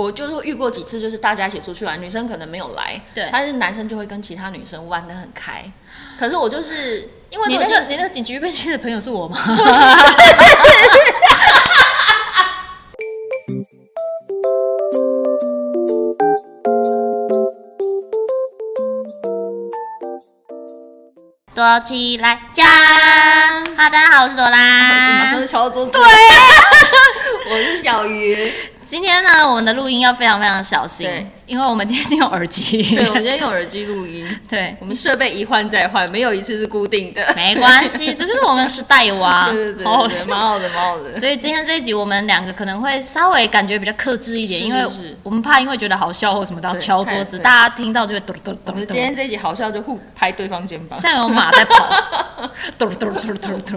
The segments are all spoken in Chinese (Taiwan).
我就是遇過幾次，就是大家一起出去玩，女生可能沒有來，對但是男生就會跟其他女生玩得很開。可是我就是因為你那個你那個警局，被的朋友是我嗎？躲起來。大家好的，好，我是朵拉，喔、你馬上就敲桌子，對， 我是小魚。今天呢，我們的錄音要非常非常小心，對，因為我們今天是用耳機，對，我們今天用耳機錄音，對，我們設備一換再換，沒有一次是固定的，沒關係，只是我們是帶娃，對對對，蠻好的，蠻好的，所以今天這一集我們兩個可能會稍微感覺比較克制一點，因為我們怕因為覺得好笑或什麼，然後敲桌子，大家聽到就會咚咚咚咚。今天這一集好笑就互拍對方肩膀，像有馬在跑，嘟嘟嘟嘟嘟。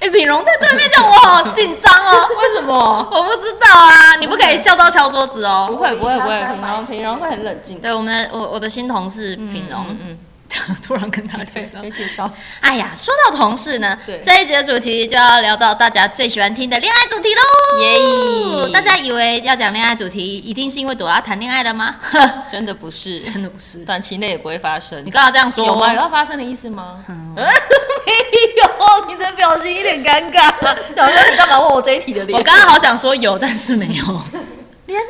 哎，品榮在對面叫我好緊張哦。 為什麼？我不知道啊。你不可以笑到敲桌子哦。不會，不會，不會。品榮，品榮會很冷靜。對，我們我我的新同事品榮。嗯。嗯。突然跟他介紹，介哎呀，說到同事呢，對這一集主題就要聊到大家最喜歡聽的戀愛主題嘍，耶 Yeah！大家以為要講戀愛主題，一定是因為朵拉談戀愛了嗎？真的不是，真的不是，短期內也不會發生。你剛剛這樣說，有嗎？有要發生的意思嗎？嗯、 沒有，你的表情有點尷尬。小 哥，你幹嘛問我這一題的戀愛？我剛剛好想說有，但是沒有 連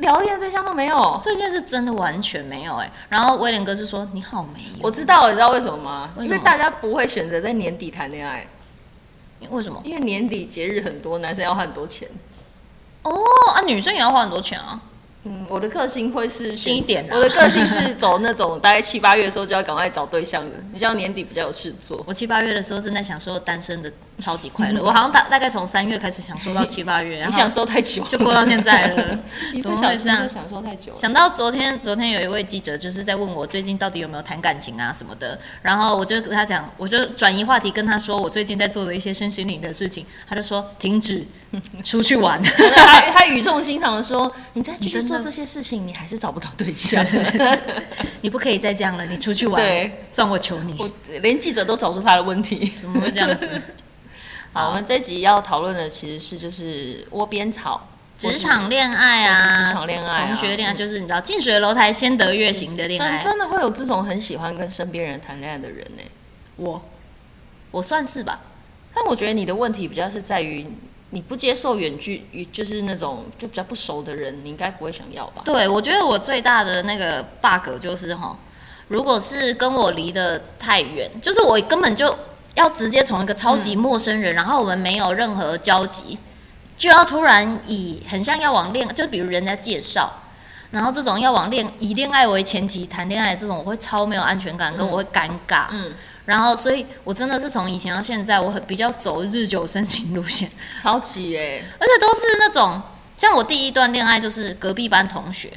聊天對象都沒有，最近是真的完全沒有哎、欸。然後威廉哥就說：“你好美。”我知道，你知道為什麼嗎？為什麼？因為大家不會選擇在年底談戀愛。為什麼？因為年底節日很多，男生要花很多錢。哦啊，女生也要花很多錢啊。嗯，我的個性會是新一點。我的個性是走那種大概七八月的時候就要趕快找對象的。你知道年底比較有事做，我七八月的時候正在享受單身的。超級快樂，嗯、我好像大大概從三月開始享受到七八月，你享受太久就過到現在了。你想了怎麼會這樣？享受太久想到，昨天，昨天有一位記者就是在問我最近到底有沒有談感情啊什麼的，然後我就跟他講，我就轉移話題跟他說我最近在做的一些身心靈的事情，他就說停止出去玩， 他他語重心長的說，你再繼續做這些事情，你，你還是找不到對象， 你不可以再這樣了，你出去玩，對算我求你，我連記者都找出他的問題，怎麼會這樣子？好，我們這集要討論的其實是就是窩邊草、職場戀愛啊、職場戀愛、啊、同學戀愛，就是你知道近水樓台先得月型的戀愛，真的真的會有這種很喜歡跟身邊人談戀愛的人呢、欸？我，我算是吧，但我覺得你的問題比較是在於你不接受遠距，就是那種就比較不熟的人，你應該不會想要吧？對我覺得我最大的那個 bug 就是哈，如果是跟我離得太遠，就是我根本就。要直接從一個超級陌生人，嗯、然後我們沒有任何交集，就要突然以很像要往戀，就比如人家介紹，然後這種要往戀以戀愛為前提談戀愛這種，我會超沒有安全感，跟我會尷尬。嗯，嗯、然後所以，我真的是從以前到現在，我很比較走日久生情路線。超級誒、欸，而且都是那種，像我第一段戀愛就是隔壁班同學。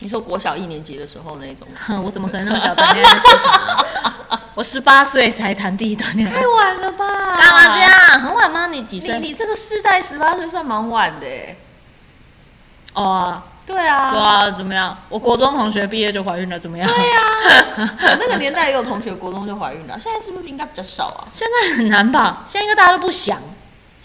你說國小一年級的時候那種，我怎麼可能那麼小的年麼 我十八歲才談第一段戀愛，太晚了吧？幹嘛這樣，啊、很晚嗎？你幾歲？你，你這個世代十八歲算蠻晚的。哦啊對啊。對啊。怎麼樣？我國中同學畢業就懷孕了。怎麼樣？對啊。 我那個年代也有同學國中就懷孕了，現在是不是應該比較少啊？現在很難吧？現在一個大家都不想。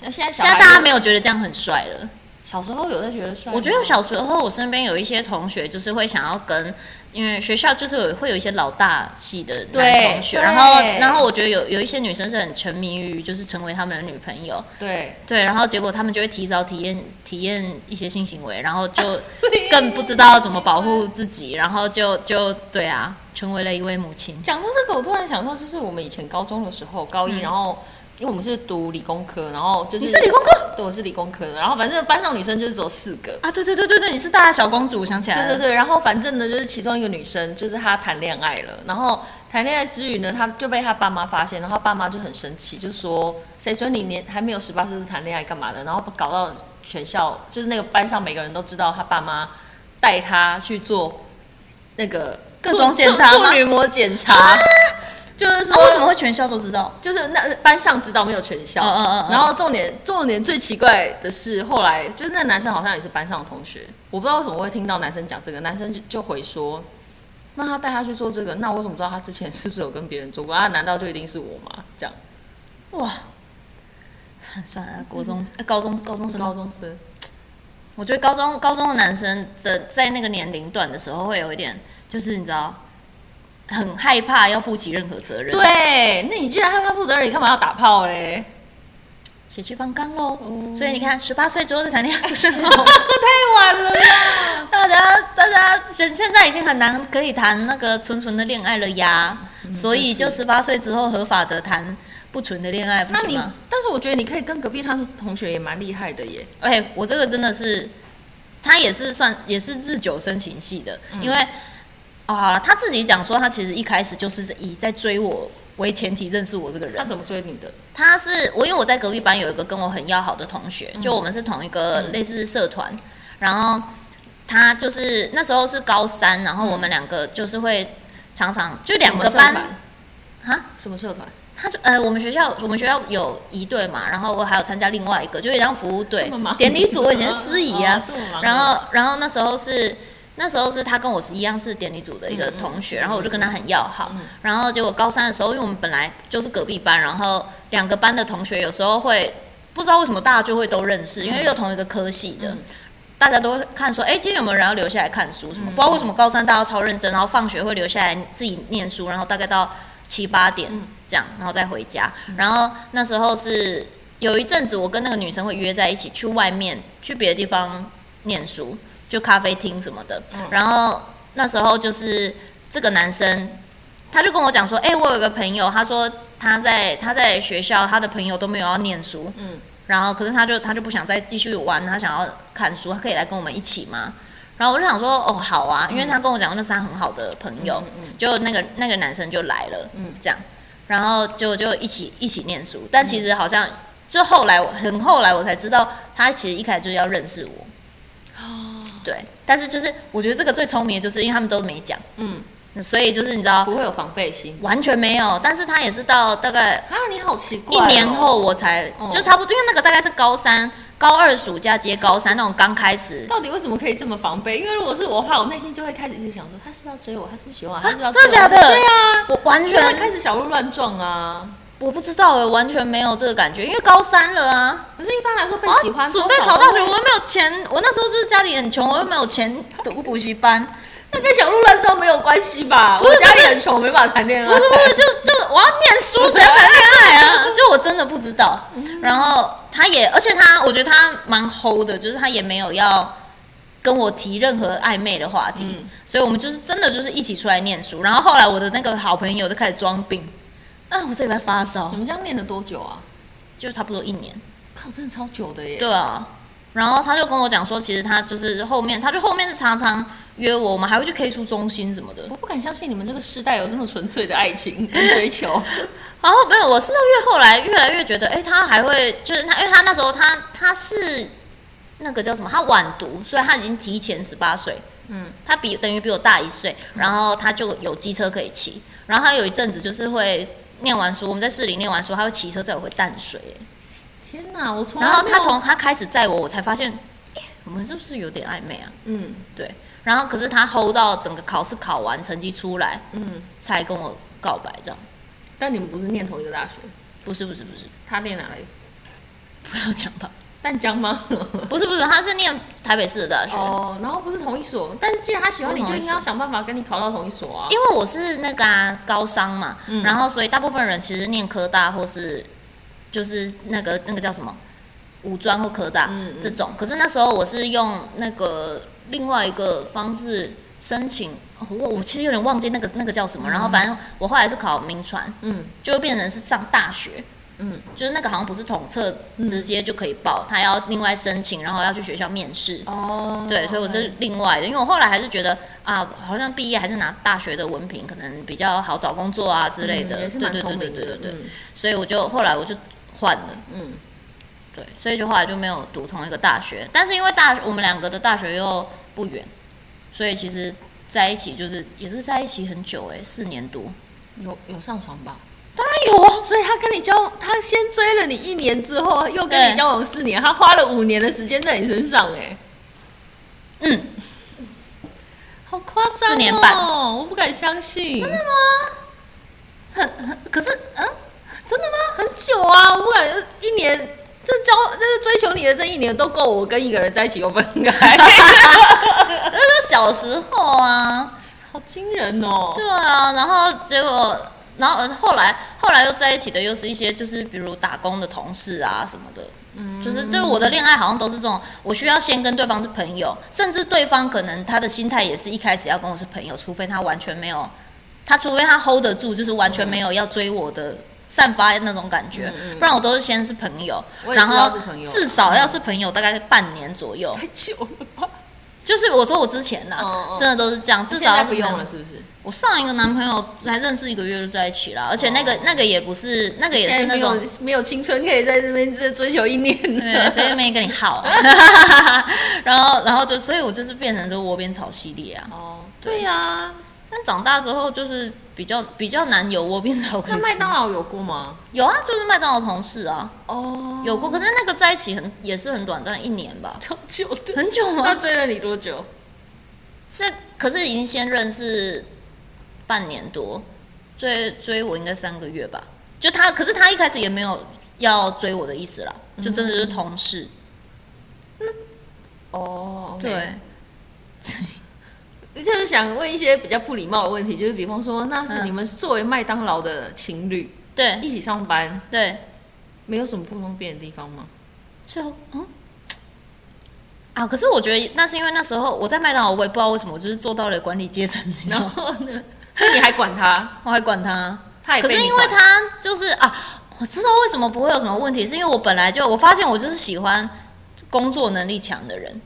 現在現在大家沒有覺得這樣很帥了。小時候有在學校，我覺得我小時候我身邊有一些同學就是會想要跟，因為學校就是有會有一些老大系的男同學，然後然後我覺得有有一些女生是很沉迷於就是成為他們的女朋友，對對，然後結果他們就會提早體驗體驗一些性行為，然後就更不知道怎麼保護自己，然後就就對啊，成為了一位母親。講到這個，我突然想到就是我們以前高中的時候，高一然後。嗯因為我們是讀理工科，然後就是你是理工科，對，我是理工科的。然後反正班上女生就是只有四個啊，對對對對對，你是大小公主，我想起來了。對對對，然後反正呢，就是其中一個女生就是她談戀愛了，然後談戀愛之餘呢，她就被她爸媽發現，然後爸媽就很生氣，就說誰准你年還沒有十八歲談戀愛幹嘛的？然後搞到全校就是那個班上每個人都知道，她爸媽帶她去做那個各種檢查做，做女膜檢查。啊就是說、啊，為什麼會全校都知道？就是那班上知道，沒有全校。哦哦哦、然後重點，重點最奇怪的是，後來就是那男生好像也是班上的同學，我不知道為什麼會聽到男生講這個。男生就就回說，那他帶他去做這個，那我怎麼知道他之前是不是有跟別人做過？啊難道就一定是我嗎？這樣。哇。算了、啊嗯，國中、高中、高中生。高中生。我覺得高中高中的男生的在那個年齡段的時候會有一點，就是你知道。很害怕要負起任何責任。對，那你既然害怕負責任，你幹嘛要打炮嘞？血氣方剛嘍，oh. 所以你看，十八歲之後再談戀愛就深、oh. 太晚了啦 大家大家現現在已經很難可以談那個純純的戀愛了呀，嗯、所以就十八歲之後合法的談不純的戀愛不。那你但是我覺得你可以跟隔壁班同學也蠻厲害的耶。哎，okay, 我這個真的是，他也是算也是日久生情系的，嗯、因為。啊、哦，他自己講說，他其實一開始就是以在追我為前提認識我這個人。他怎麼追你的？他是我，因為我在隔壁班有一個跟我很要好的同學，嗯、就我們是同一個類似社團，嗯、然後他就是那時候是高三，然後我們兩個就是會常常就兩個班。啊？什麼社團？蛤？什麼社團？他就呃，我們學校我們學校有一隊嘛，然後我還有參加另外一個，就一張服務隊，這麼典禮組我以前司儀啊。啊啊然後然後那時候是。那時候是他跟我是一樣是典禮組的一個同學，嗯、然後我就跟他很要好，嗯嗯、然後結果高三的時候，因為我們本來就是隔壁班，然後兩個班的同學有時候會不知道為什麼大家就會都認識，因為又有同一個科系的，嗯、大家都會看說，哎、欸，今天有沒有人要留下來看書？什麼？嗯、不知道為什麼高三大家超認真，然後放學會留下來自己念書，然後大概到七八點這樣，嗯、然後再回家。然後那時候是有一陣子，我跟那個女生會約在一起去外面去別的地方念書。就咖啡廳什麼的，嗯、然後那時候就是這個男生，他就跟我講說，哎、欸，我有個朋友，他說他在他在學校，他的朋友都沒有要念書，嗯，然後可是他就他就不想再繼續玩，他想要看書，他可以來跟我們一起嗎？然後我就想說，哦，好啊，嗯、因為他跟我講那是他很好的朋友，嗯，就那個那個男生就來了，嗯，這樣，然後就就一起一起念書，但其實好像、嗯、就後來很後來我才知道，他其實一開始就是要認識我。對，但是就是我覺得這個最聰明的就是因為他們都沒講，嗯，所以就是你知道不會有防備心，完全沒有。但是他也是到大概啊，你好奇怪，哦，一年後我才就差不多，因為那個大概是高三、高二暑假接高三那種剛開始。到底為什麼可以這麼防備？因為如果是我的話，我內心就會開始一直想說，他是不是要追我？他是不是喜歡我？他是不是要追我，啊，真的假的？對啊，我完全開始小鹿亂撞啊。我不知道我、欸，完全沒有這個感覺，因為高三了啊。不是一般來說被喜歡，我準備考大學，我又沒有錢。我那時候就是家裡很窮，我又沒有錢讀補習班。 那跟小鹿亂撞沒有關係吧？不是我家裡很窮，我是沒法談戀愛。不是不是，就就我要唸書，誰要談戀愛啊？ 就我真的不知道。 然後他也，而且他，我覺得他蠻齁的，就是他也沒有要跟我提任何曖昧的話題。嗯、所以我們就是真的就是一起出來唸書，然後後來我的那個好朋友就開始裝病。啊！我這禮拜發燒。你們這樣練了多久啊？就差不多一年。靠，真的超久的耶。對啊。然後他就跟我講說，其實他就是後面，他就後面是常常約我，我們還會去 K 書中心什麼的。我不敢相信你們這個世代有這麼純粹的愛情跟追求。然後 沒有，我是到越後來越來越覺得，哎、欸，他還會就是他，因為他那時候他他是那個叫什麼？他晚讀，所以他已經提前十八歲。嗯。他比等於比我大一歲，然後他就有機車可以騎，然後他有一陣子就是會。念完書，我們在市裡念完書，他會騎車載我回淡水。天哪，我從然後他從他開始載我，我才發現，欸，我們是不是有點曖昧啊？嗯，對。然後可是他 hold 到整個考試考完，成績出來，嗯，才跟我告白這樣。但你們不是念同一個大學？不是不是不是。他念哪裡？不要講吧。淡江嗎？ 不是不是，他是念台北市的大學哦，然後不是同一所，但是既然他喜歡你，就應該要想辦法跟你考到同一所啊。因為我是那個、啊、高商嘛，嗯、然後所以大部分人其實念科大或是就是那個那個叫什麼五專或科大這種。嗯、可是那時候我是用那個另外一個方式申請，我、哦、我其實有點忘記那個那個叫什麼，然後反正我後來是考銘傳，嗯，就變成是上大學。嗯，就是那個好像不是統測直接就可以報，嗯、他要另外申請，然後要去學校面試。哦，對，所以我是另外的，okay 因為我後來還是覺得啊，好像畢業還是拿大學的文憑可能比較好找工作啊之類的。也是蠻聰明的，對、嗯、對對對對對。嗯、所以我就後來我就換了。嗯，對，所以就後來就沒有讀同一個大學，但是因為大我們兩個的大學又不遠，所以其實在一起就是也是在一起很久哎、欸，四年多，有有上床吧？當然有啊，所以他跟你交，他先追了你一年之後，又跟你交往，四年，對他花了五年的時間在你身上，欸，哎，嗯，好誇張哦，我不敢相信，真的嗎？很，很，可是嗯，真的嗎？很久啊，我不敢，一年這交，這是追求你的這一年都夠我跟一個人在一起又分開， 那是小時候啊，好驚人哦，喔，對啊，然後結果。然後後來後來又在一起的又是一些就是比如打工的同事啊什麼的，嗯、就是這個我的戀愛好像都是這種，我需要先跟對方是朋友，甚至對方可能他的心態也是一開始要跟我是朋友，除非他完全沒有，他除非他 hold 得住，就是完全沒有要追我的散發的那種感覺，嗯嗯嗯、不然我都是先是朋友，朋友然後至少要是朋友、嗯、大概半年左右，太久了吧。就是我說我之前吶，哦哦真的都是這樣，至少現在不用了，是不是？我上一個男朋友才認識一個月就在一起了，嗯、而且那個那個也不是，那個也是那種沒有，沒有青春可以在這邊追求一年，誰也沒跟你耗、啊？ 然後然後就，所以我就是變成這個窩邊草系列啊。哦，對呀、啊。但長大之後就是比較比較難有窩邊草。那麥當勞有過嗎？有啊，就是麥當勞同事啊。哦。Oh. 有過，可是那個在一起很也是很短暫，一年吧。很久很久嗎？他追了你多久？是，可是已經先認識半年多，追追我應該三個月吧。就他，可是他一開始也沒有要追我的意思啦，就真的是，是同事。那。哦。對。 就是想問一些比較不禮貌的問題，就是比方說，那是你們作為麥當勞的情侶，嗯、對，對，一起上班，對，沒有什麼不方便的地方嗎？是哦，嗯，啊，可是我覺得那是因為那時候我在麥當勞，我也不知道為什麼，我就是做到了管理階層。你知道然後呢？所以你還管他？ 我還管他？他也可是因為他就是啊，我知道為什麼不會有什麼問題，是因為我本來就我發現我就是喜歡工作能力強的人。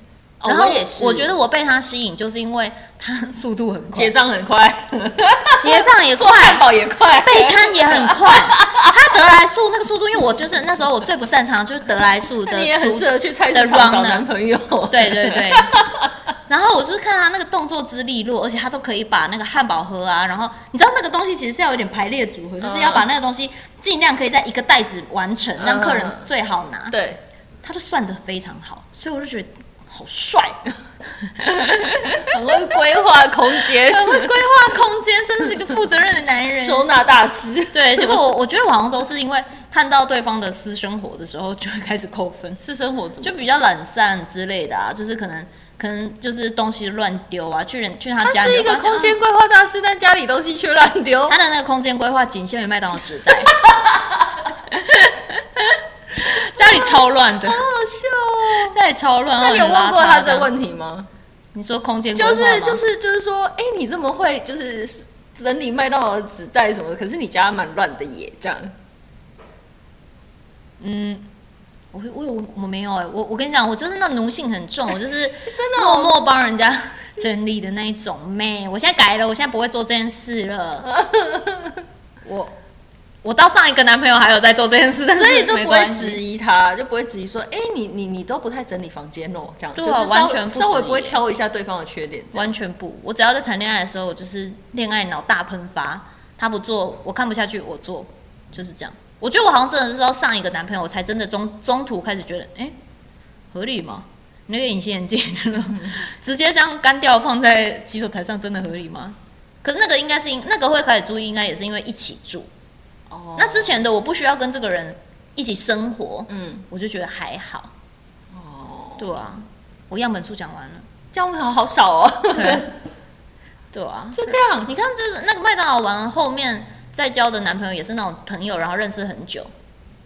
然後也是，我覺得我被他吸引，就是因為他速度很快，結賬很快，結賬也快，做漢堡也快，備餐也很快。 他得來速那個速度，因為我就是那時候我最不擅長就是得來速的，你也很適合去菜市場找男朋友。對對對，對。然後我就是看他那個動作之利落，而且他都可以把那個漢堡盒啊，然後你知道那個東西其實是要有點排列組合，就是要把那個東西儘量可以在一個袋子完成，讓客人最好拿。對，他就算得非常好，所以我就覺得。好帥，很會規劃空間，很會規劃空間，真是一個負責任的男人，收納大師。對，結果我我覺得往往都是因為看到對方的私生活的時候，就會開始扣分。私生活怎麼，就比較懶散之類的啊，就是可能可能就是東西亂丟啊，去人去他家裡的，他是一個空間規劃大師，但家裡東西卻亂丟。他的那個空間規劃僅限於麥當勞紙袋。 家裡超亂的，好笑喔。家裡超亂。那你有問過他這個問題嗎？你說空間就是就是就是說，哎、欸，你這麼會就是整理麥當勞紙袋什麼的，可是你家蠻亂的耶這樣。嗯，我會我我沒有哎、欸，我我跟你講，我就是那奴性很重，我就是真的默默幫人家整理的那一種。妹，我現在改了，我現在不會做這件事了。 我。我到上一個男朋友還有在做這件事，所以就不會質疑他，就不會質疑說，誒、欸，你你你都不太整理房間哦，這樣對、啊，就是完全不會挑一下對方的缺點，完全不，我只要在談戀愛的時候，我就是戀愛腦大噴發，他不做，我看不下去，我做，就是這樣。我覺得我好像真的是說，上一個男朋友，我才真的中中途開始覺得，哎、欸，合理嗎？那個隱形眼鏡， 直接這樣幹掉放在洗手台上，真的合理嗎？嗯、可是那個應該是，那個會開始注意，應該也是因為一起住。Oh. 那之前的我不需要跟這個人一起生活，嗯，我就覺得還好。哦，oh. 對啊，我樣本數講完了，這樣友好，好少哦。 對，對啊，就這樣。你看，這那個麥當勞完了後面再交的男朋友也是那種朋友，然後認識很久。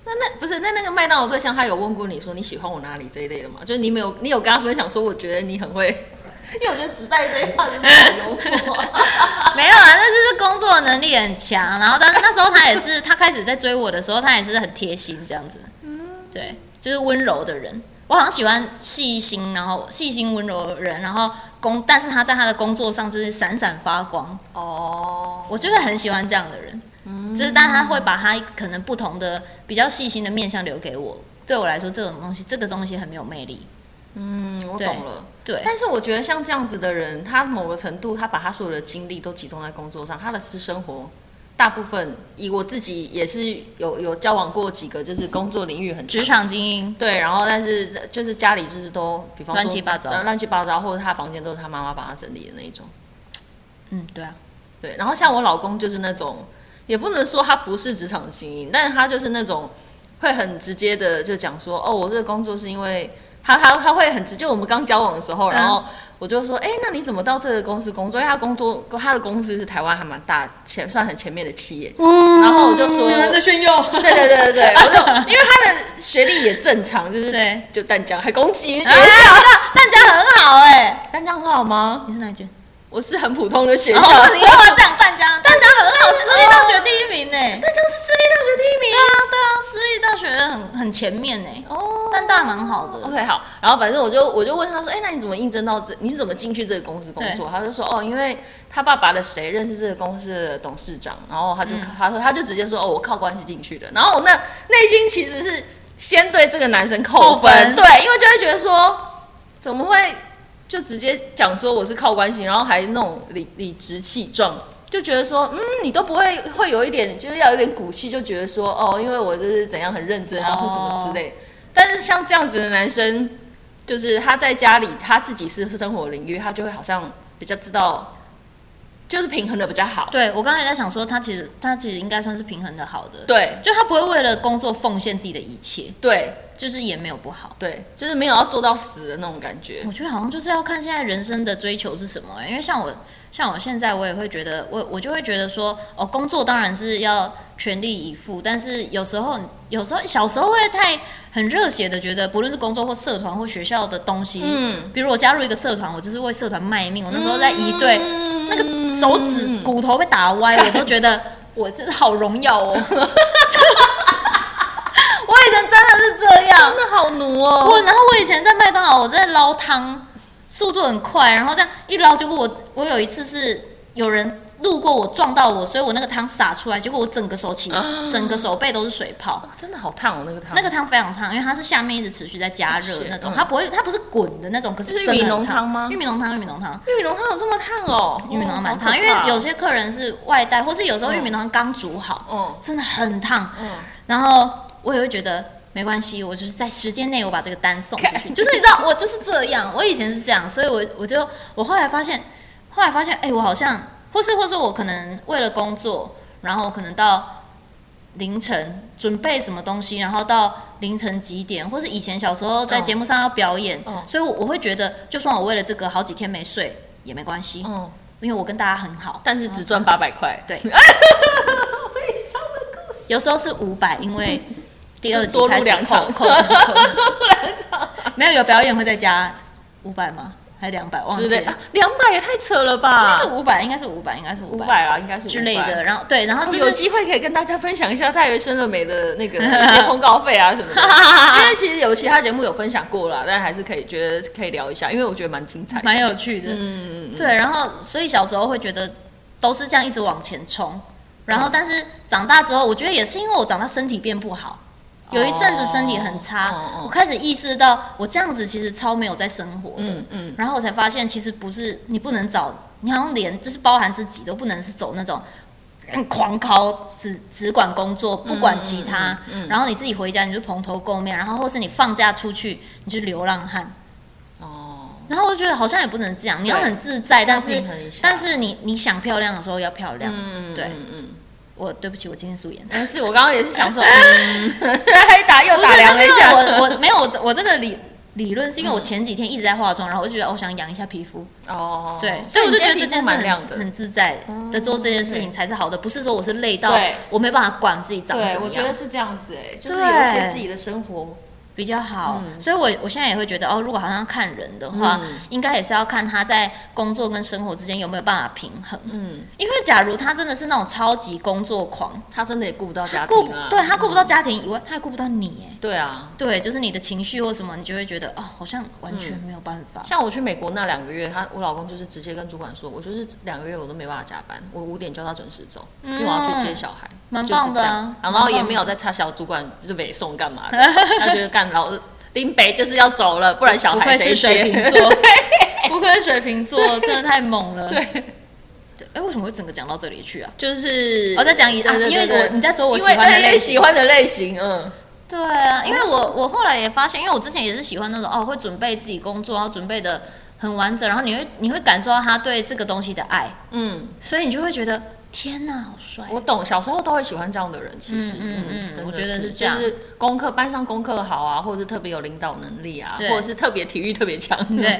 那那不是那那個麥當勞對象，他有問過你說你喜歡我哪裡這一類的嗎？就是你沒有，你有跟他分享說我覺得你很會。 因為我覺得只帶這一塊就沒有用的。 沒有啊，那就是工作能力很強。然後，但是那時候他也是，他開始在追我的時候，他也是很貼心這樣子。嗯，對，就是溫柔的人，我好像喜歡細心，然後細心溫柔的人，然後工，但是他在他的工作上就是閃閃發光。哦，oh. 我就是很喜歡這樣的人，就是但他會把他可能不同的比較細心的面向留給我。對我來說，這種東西，這個東西很沒有魅力。嗯，我懂了。對，對。但是我覺得像這樣子的人，他某個程度，他把他所有的精力都集中在工作上，他的私生活大部分，以我自己也是有有交往過幾個，就是工作領域很職場精英。對，然後但是就是家裡就是都比方說亂七八糟，亂七八糟，或者他房間都是他媽媽幫他整理的那一種。嗯，對啊，對。然後像我老公就是那種，也不能說他不是職場精英，但是他就是那種會很直接的就講說，哦，我這個工作是因為。他他他會很直接，就我們剛交往的時候，然後我就說，哎、欸，那你怎麼到這個公司工作？因為他工作他的公司是台灣還蠻大，前算很前面的企業。嗯、然後我就說，有人在炫耀，對對對對對， 我就因為他的學歷也正常，就是對。就淡江，還攻擊學校，啊、淡江很好，哎、欸，淡江很好嗎？你是哪一間？我是很普通的學校的，哦、你又要講淡江，淡江很好，是中一大學第一名呢。淡江是。覺得很很前面呢，哦，oh, 但大蠻好的。OK，好，然後反正我就我就問他說，哎、欸，那你怎麼應徵到這？你是怎麼進去這個公司工作？對他就說，哦，因為他爸爸的誰認識這個公司的董事長，然後他就他說、嗯、他就直接說，哦，我靠關係進去的。然後我那內心其實是先對這個男生扣分，分對，因為就會覺得說，怎麼會就直接講說我是靠關係，然後還弄理理直氣壯。就覺得說，嗯，你都不會會有一點，就是要有一點骨氣，就覺得說，哦，因為我就是怎樣很認真啊，或什麼之類。但是像這樣子的男生，就是他在家裡他自己是生活領域，他就會好像比較知道，就是平衡的比較好。對，我剛才也在想說，他其實他其實應該算是平衡的好的。對，就他不會為了工作奉獻自己的一切。對，就是也沒有不好。對，就是沒有要做到死的那種感覺。我覺得好像就是要看現在人生的追求是什麼欸，因為像我。像我現在，我也會覺得我我就會覺得說，哦，工作當然是要全力以赴，但是有時候有時候小時候會太很熱血的覺得不論是工作或社團或學校的東西，嗯，比如我加入一個社團，我就是為社團賣命。我那時候在儀隊，嗯、那個手指骨頭被打歪，我、嗯、都覺得、嗯、我是好榮耀哦。 我以前真的是這樣，真的好奴哦我。我然後我以前在麥當勞，我在撈湯，速度很快，然後這樣一撈，結果我我有一次是有人路過我撞到我，所以我那個湯灑出來，結果我整個手起，嗯、整個手背都是水泡。真的好燙哦，那個湯。那個湯非常燙，因為它是下面一直持續在加熱那種，嗯、它不會，它不是滾的那種，可是。玉米濃湯嗎？玉米濃湯，玉米濃湯，玉米濃湯有這麼燙哦？嗯、玉米濃湯蠻燙，因為有些客人是外帶，或是有時候玉米濃湯剛煮好，嗯，真的很燙，嗯，嗯。然後我也會覺得。沒關係，我就是在時間內，我把這個單送出去，開 就是你知道， 我就是這樣，我以前是這樣，所以我，我我就我後來發現，後來發現，哎、欸，我好像，或是，或是我可能為了工作，然後可能到凌晨準備什麼東西，然後到凌晨幾點，或是以前小時候在節目上要表演，嗯嗯、所以我，我我會覺得，就算我為了這個好幾天沒睡也沒關係，嗯，因為我跟大家很好，但是只賺八百塊，對， 悲傷的故事，有時候是五百，因為。第二季才兩場， 場沒有有表演會再加五百嗎？還兩百？忘記兩百、啊、也太扯了吧？應該是五百，應該是五百，應該是五百啊，應該是之類的。然後對，然後、就是喔、有機會可以跟大家分享一下《大學生了沒》的那個一些通告費啊 什麼的，因為其實有其他節目有分享過了，但還是可以覺得可以聊一下，因為我覺得蠻精彩的、蠻有趣的。嗯，對。然後，所以小時候會覺得都是這樣一直往前衝，然後、嗯、但是長大之後，我覺得也是因為我長大身體變不好。有一陣子身體很差，oh, oh, oh, 我開始意識到我這樣子其實超沒有在生活的，嗯,嗯，然後我才發現其實不是你不能找，你好像連就是包含自己都不能是走那種狂考，只只管工作不管其他，嗯嗯嗯，然後你自己回家你就蓬頭垢面，然後或是你放假出去你就流浪漢，哦，oh, 然後我覺得好像也不能這樣，你要很自在，對但是但是你你想漂亮的時候要漂亮，嗯嗯。對嗯嗯嗯我對不起，我今天素顏。但、嗯、是，我剛剛也是想說，他一、啊嗯、打又打量了一下、就是、我。我沒有，我這個理理論是因為我前幾天一直在化妝，嗯，然後我就覺得我想養一下皮膚。哦，對，所以我就覺得這件事很、嗯、很自在的做這件事情才是好的，對不是說我是累到對我沒辦法管自己長什麼樣。我覺得是這樣子、欸，哎，就是有一些自己的生活。比較好，所以，我我現在也會覺得哦，如果好像看人的話，應該也是要看他在工作跟生活之間有沒有辦法平衡。嗯，因為假如他真的是那種超級工作狂，他真的也顧不到家庭，顧，對他顧不到家庭以外，他也顧不到你。哎，對啊，對，就是你的情緒或什麼，你就會覺得哦，好像完全沒有辦法。像我去美國那兩個月，他我老公就是直接跟主管說，我就是兩個月我都沒辦法加班，我五點叫他準時走，因為我要去接小孩，蠻棒的，然後也沒有在插小主管就北送幹嘛的，他覺得幹。老林北就是要走了，不然小孩誰學？不愧是水瓶座， 對不愧是水瓶座，真的太猛了。對，哎、欸，為什麼會整個講到這裡去啊？就是我在講一、啊，因為我你在說我喜歡的類，而喜歡的類型，嗯，對啊，因為我我後來也發現，因為我之前也是喜歡那種、個、哦，會準備自己工作，然後準備的很完整，然後你會你會感受到他對這個東西的愛，嗯，所以你就會覺得。天哪，好帥哦！我懂，小時候都會喜歡這樣的人。其實，嗯，嗯，嗯，嗯我覺得是這樣，就是功課班上功課好啊，或者是特別有領導能力啊，對，或者是特別體育特別強對， 對。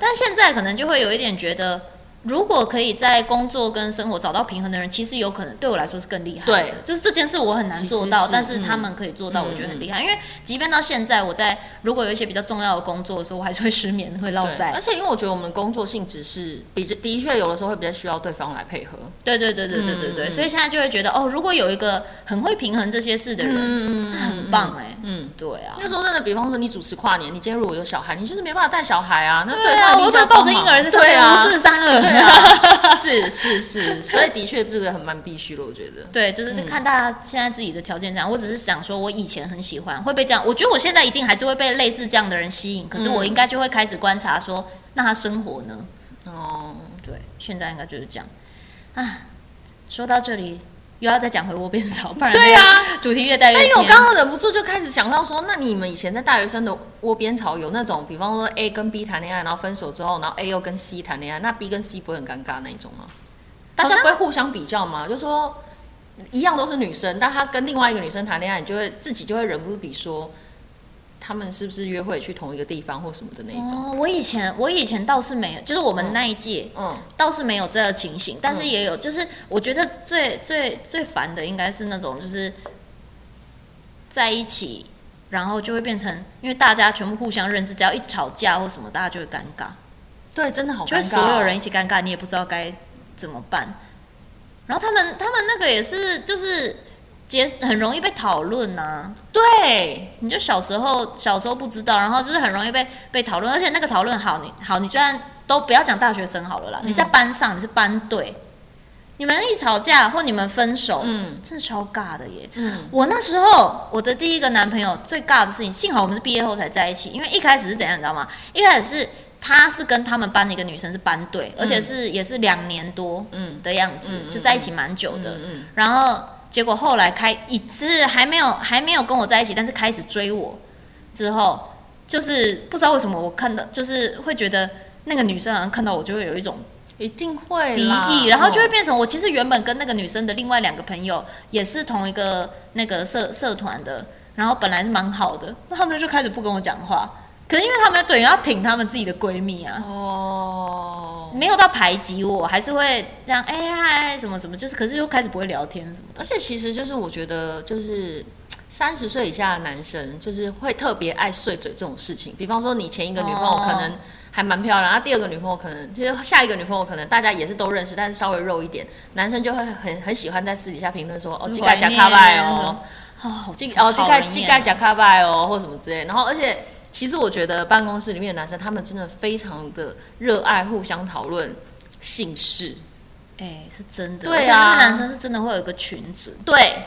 但現在可能就會有一點覺得。如果可以在工作跟生活找到平衡的人，其實有可能對我來說是更厲害的。對，就是這件事我很難做到，但是他們可以做到，我覺得很厲害。因為即便到現在，我在如果有一些比較重要的工作的時候，我還是會失眠，會落賽。而且因為我覺得我們工作性質是比的確有的時候會比較需要對方來配合。對對對對對對對，所以現在就會覺得哦，如果有一個很會平衡這些事的人，很棒哎。嗯，對啊。就說真的，比方說你主持跨年，你今天如果有小孩，你就是沒辦法帶小孩啊。對啊，你又不能抱着嬰兒在不是，三個人。 啊、是是是，所以的確這個很蠻必須的，我覺得。對，就是看大家現在自己的條件這樣。嗯、我只是想說，我以前很喜歡會被這樣，我覺得我現在一定還是會被類似這樣的人吸引。可是我應該就會開始觀察說，說、嗯、那他生活呢？哦、嗯，對，現在應該就是這樣。啊，說到這裡。又要再講回窩邊草，不然對呀。主題越帶越、啊。因為，我剛剛忍不住就開始想到說，那你們以前在大學生的窩邊草有那種，比方說 A 跟 B 談戀愛，然後分手之後，然後 A 又跟 C 談戀愛，那 B 跟 C 不會很尷尬那一種嗎？大家不會互相比較嗎？就是、說一樣都是女生，但她跟另外一個女生談戀愛，你就會自己就會忍不住比說。他們是不是約會去同一個地方或什麼的那一種？哦，我以前我以前倒是沒有，就是我們那一屆，嗯，嗯，倒是沒有這個情形。但是也有，就是我覺得最最最煩的應該是那種，就是在一起，然後就會變成，因為大家全部互相認識，只要一吵架或什麼，大家就會尷尬。對，真的好尷尬，就是所有人一起尷尬，你也不知道該怎麼辦。然後他們他們那個也是，就是。結很容易被討論呢，對，你就小時候小時候不知道，然後就是很容易被被討論，而且那個討論好你，你好，你居然，都不要講大學生好了啦，嗯、你在班上你是班對，你們一吵架或你們分手，嗯，真的超尬的耶，嗯，我那時候我的第一個男朋友最尬的事情，幸好我們是畢業後才在一起，因為一開始是怎樣，你知道嗎？一開始是他是跟他們班的一個女生是班對，嗯、而且是也是兩年多嗯的樣子，嗯嗯嗯、就在一起蠻久的，嗯，嗯嗯嗯嗯嗯然後。結果後來開，一次還沒有還沒有跟我在一起，但是開始追我，之後就是不知道為什麼，我看到就是會覺得那個女生好像看到我就會有一種一定會敵意，哦，然後就會變成我其實原本跟那個女生的另外兩個朋友也是同一個那個社社團的，然後本來是蠻好的，那他們就開始不跟我講話，可是因為他們要對要挺他們自己的閨蜜啊。哦。沒有到排擠我，還是會這樣。哎、欸、呀什麼什麼，什麼，就是可是又開始不會聊天什麼的，而且其實就是我覺得就是三十歲以下的男生就是會特別愛碎嘴這種事情，比方說你前一個女朋友可能還蠻漂亮，然後、哦啊、第二個女朋友可能就是下一個女朋友可能大家也是都認識，但是稍微肉一點，男生就會很很喜歡在私底下評論說哦這個加卡拜哦，哦個，哦這個這個加卡拜哦、啊，哦或什麼之類，然後而且其實我覺得辦公室裡面的男生，他們真的非常的熱愛互相討論性事，哎、欸，是真的。對啊，他男生是真的會有一個群組，對，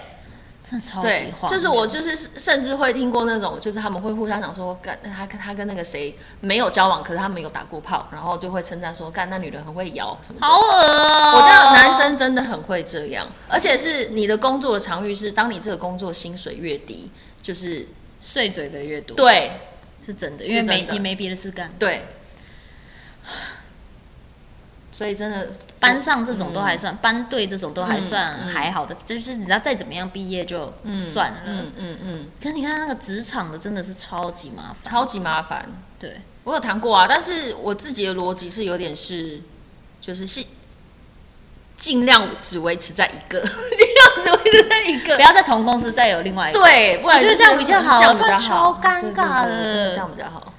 真的超級花。就是我就是甚至會聽過那種，就是他們會互相講說，幹他他跟那個誰沒有交往，可是他們有打過炮，然後就會稱讚說，幹那女人很會咬什麼的。好噁、喔，我知道男生真的很會這樣。而且是你的工作的場域是，當你這個工作薪水越低，就是碎嘴的越多。對。是真的，因為沒也沒別的事幹。對，所以真的班上這種都還算，嗯、班對這種都還算還好的，嗯嗯、就是你知道再怎麼樣畢業就算了。嗯嗯嗯。嗯嗯嗯嗯，可是你看那個職場的真的是超級麻煩，超級麻煩。對，我有談過啊，但是我自己的邏輯是有點是，就是是盡量只維持在一個。 不要在同公司再有另外一個。對，不然就是這樣比較好，不然超尷尬的，這樣比較好。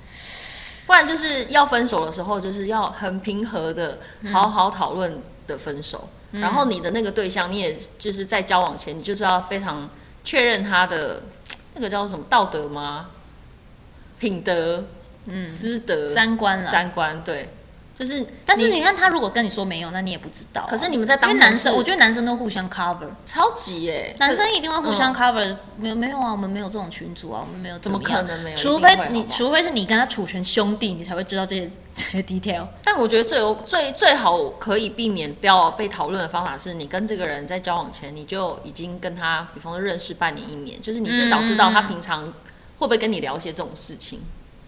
不然就是要分手的時候，就是要很平和的、好好討論的分手。然後你的那個對象，你也就是在交往前，你就是要非常確認他的那個叫做什麼道德嗎？品德、嗯，私德、三觀、三觀對。就是，但是你看他如果跟你說沒有，那你也不知道、啊。可是你們在當因為男生，我覺得男生都互相 cover，超級耶、欸。男生一定會互相 cover，、嗯、沒有沒有啊，我們沒有這種群組啊，我們沒有怎，怎麼可能沒有？除非你吧除非是你跟他處成兄弟，你才會知道這些這些 detail。但我覺得最有最最好可以避免不要被討論的方法是，你跟這個人在交往前，你就已經跟他，比方說認識半年一年，就是你至少知道他平常會不會跟你聊一些這種事情。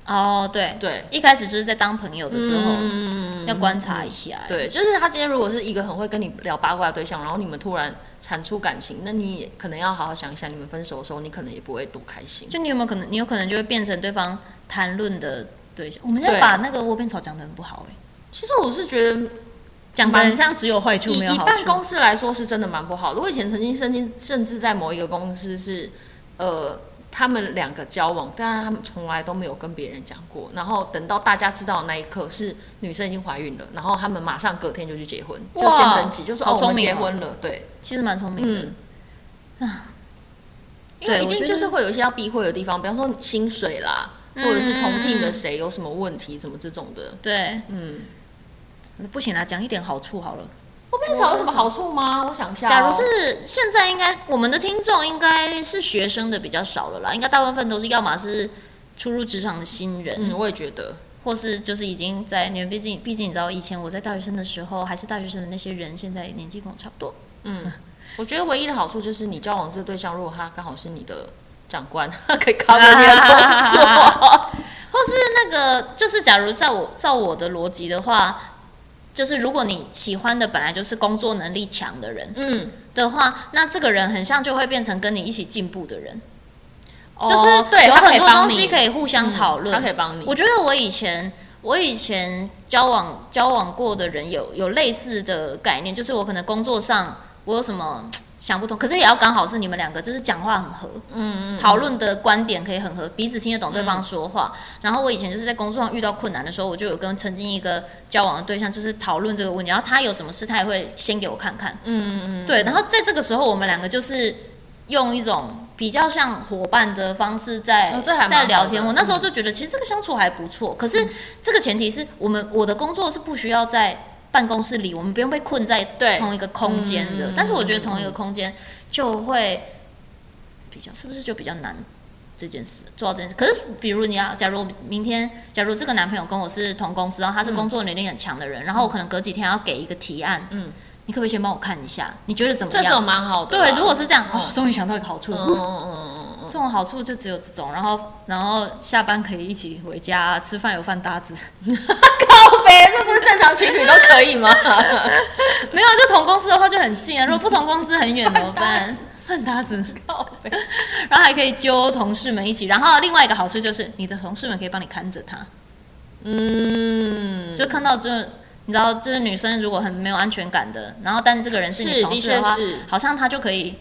哦，對、oh, 對，對，一開始就是在當朋友的時候，嗯，要觀察一下、嗯。對，就是他今天如果是一個很會跟你聊八卦的對象，然後你們突然產出感情，那你也可能要好好想一想，你們分手的時候，你可能也不會多開心。就你有沒有可能，你有可能就會變成對方談論的對象。對，我們現在把那個窩邊草講的很不好哎。其實我是覺得講的很像只有壞處，沒有好處，以以辦公室來說是真的蠻不好的。我以前曾經甚至在某一個公司是，呃。他們兩個交往，但是他們從來都沒有跟別人講過。然後等到大家知道的那一刻，是女生已經懷孕了，然後他們馬上隔天就去結婚，wow, 就先登記，就說、哦哦、我們結婚了。對，其實蠻聰明的。嗯、啊，對，因為一定就是會有一些要避諱的地方，比方說薪水啦，嗯、或者是同 team 的誰有什麼問題，什麼這種的。對，嗯，不行啊，講一點好處好了。變少有什麼好處嗎？我想一下。假如是現在應，應該我們的聽眾應該是學生的比較少了啦，應該大部分都是要麼是初入職場的新人。嗯，我也覺得。或是就是已經在，你們畢竟畢竟你知道，以前我在大學生的時候，還是大學生的那些人，現在年紀跟我差不多。嗯， 我覺得唯一的好處就是你交往這個對象，如果他剛好是你的長官，可以靠着你的工作。啊、哈哈哈哈，或是那個，就是假如照我照我的邏輯的話。就是如果你喜歡的本來就是工作能力強的人，嗯的話，那這個人很像就會變成跟你一起進步的人。哦，就是有很多東西可以互相討論，嗯，他可以幫你。我覺得我以前我以前交往交往過的人有有類似的概念，就是我可能工作上我有什麼。想不通，可是也要剛好是你們兩個，就是講話很合，嗯嗯，討、嗯、論的觀點可以很合，彼此聽得懂對方說話。嗯、然後我以前就是在工作上遇到困難的時候，我就有跟曾經一個交往的對象，就是討論這個問題。然後他有什麼事，他也會先給我看看，嗯嗯嗯，嗯對。然後在這個時候，我們兩個就是用一種比較像夥伴的方式在、哦、在聊天。我那時候就覺得，其實這個相處還不錯。嗯、可是這個前提是，我們我的工作是不需要在。辦公室裡，我們不用被困在同一個空間的，嗯、但是我覺得同一個空間就會比較，是不是就比較難這件事做到這件事？可是，比如你要，假如明天，假如這個男朋友跟我是同公司，然後他是工作能力很強的人，嗯、然後我可能隔幾天要給一個提案，嗯。你可不可以先幫我看一下？你覺得怎麼樣？這種蠻好的。對，如果是這樣，哦，終於想到一個好處了。嗯嗯嗯，這種好處就只有這種。然後，然後下班可以一起回家吃飯，有飯搭子。靠 北，這不是正常情侶都可以嗎？ 沒有，就同公司的話就很近啊。如果不同公司很遠怎麼辦？ 飯搭子靠北，靠北然後還可以揪同事們一起。然後另外一個好處就是，你的同事們可以幫你看着他。嗯，就看到這。你知道，就是女生如果很沒有安全感的，然後但這個人是你同事的話，的好像她就可以，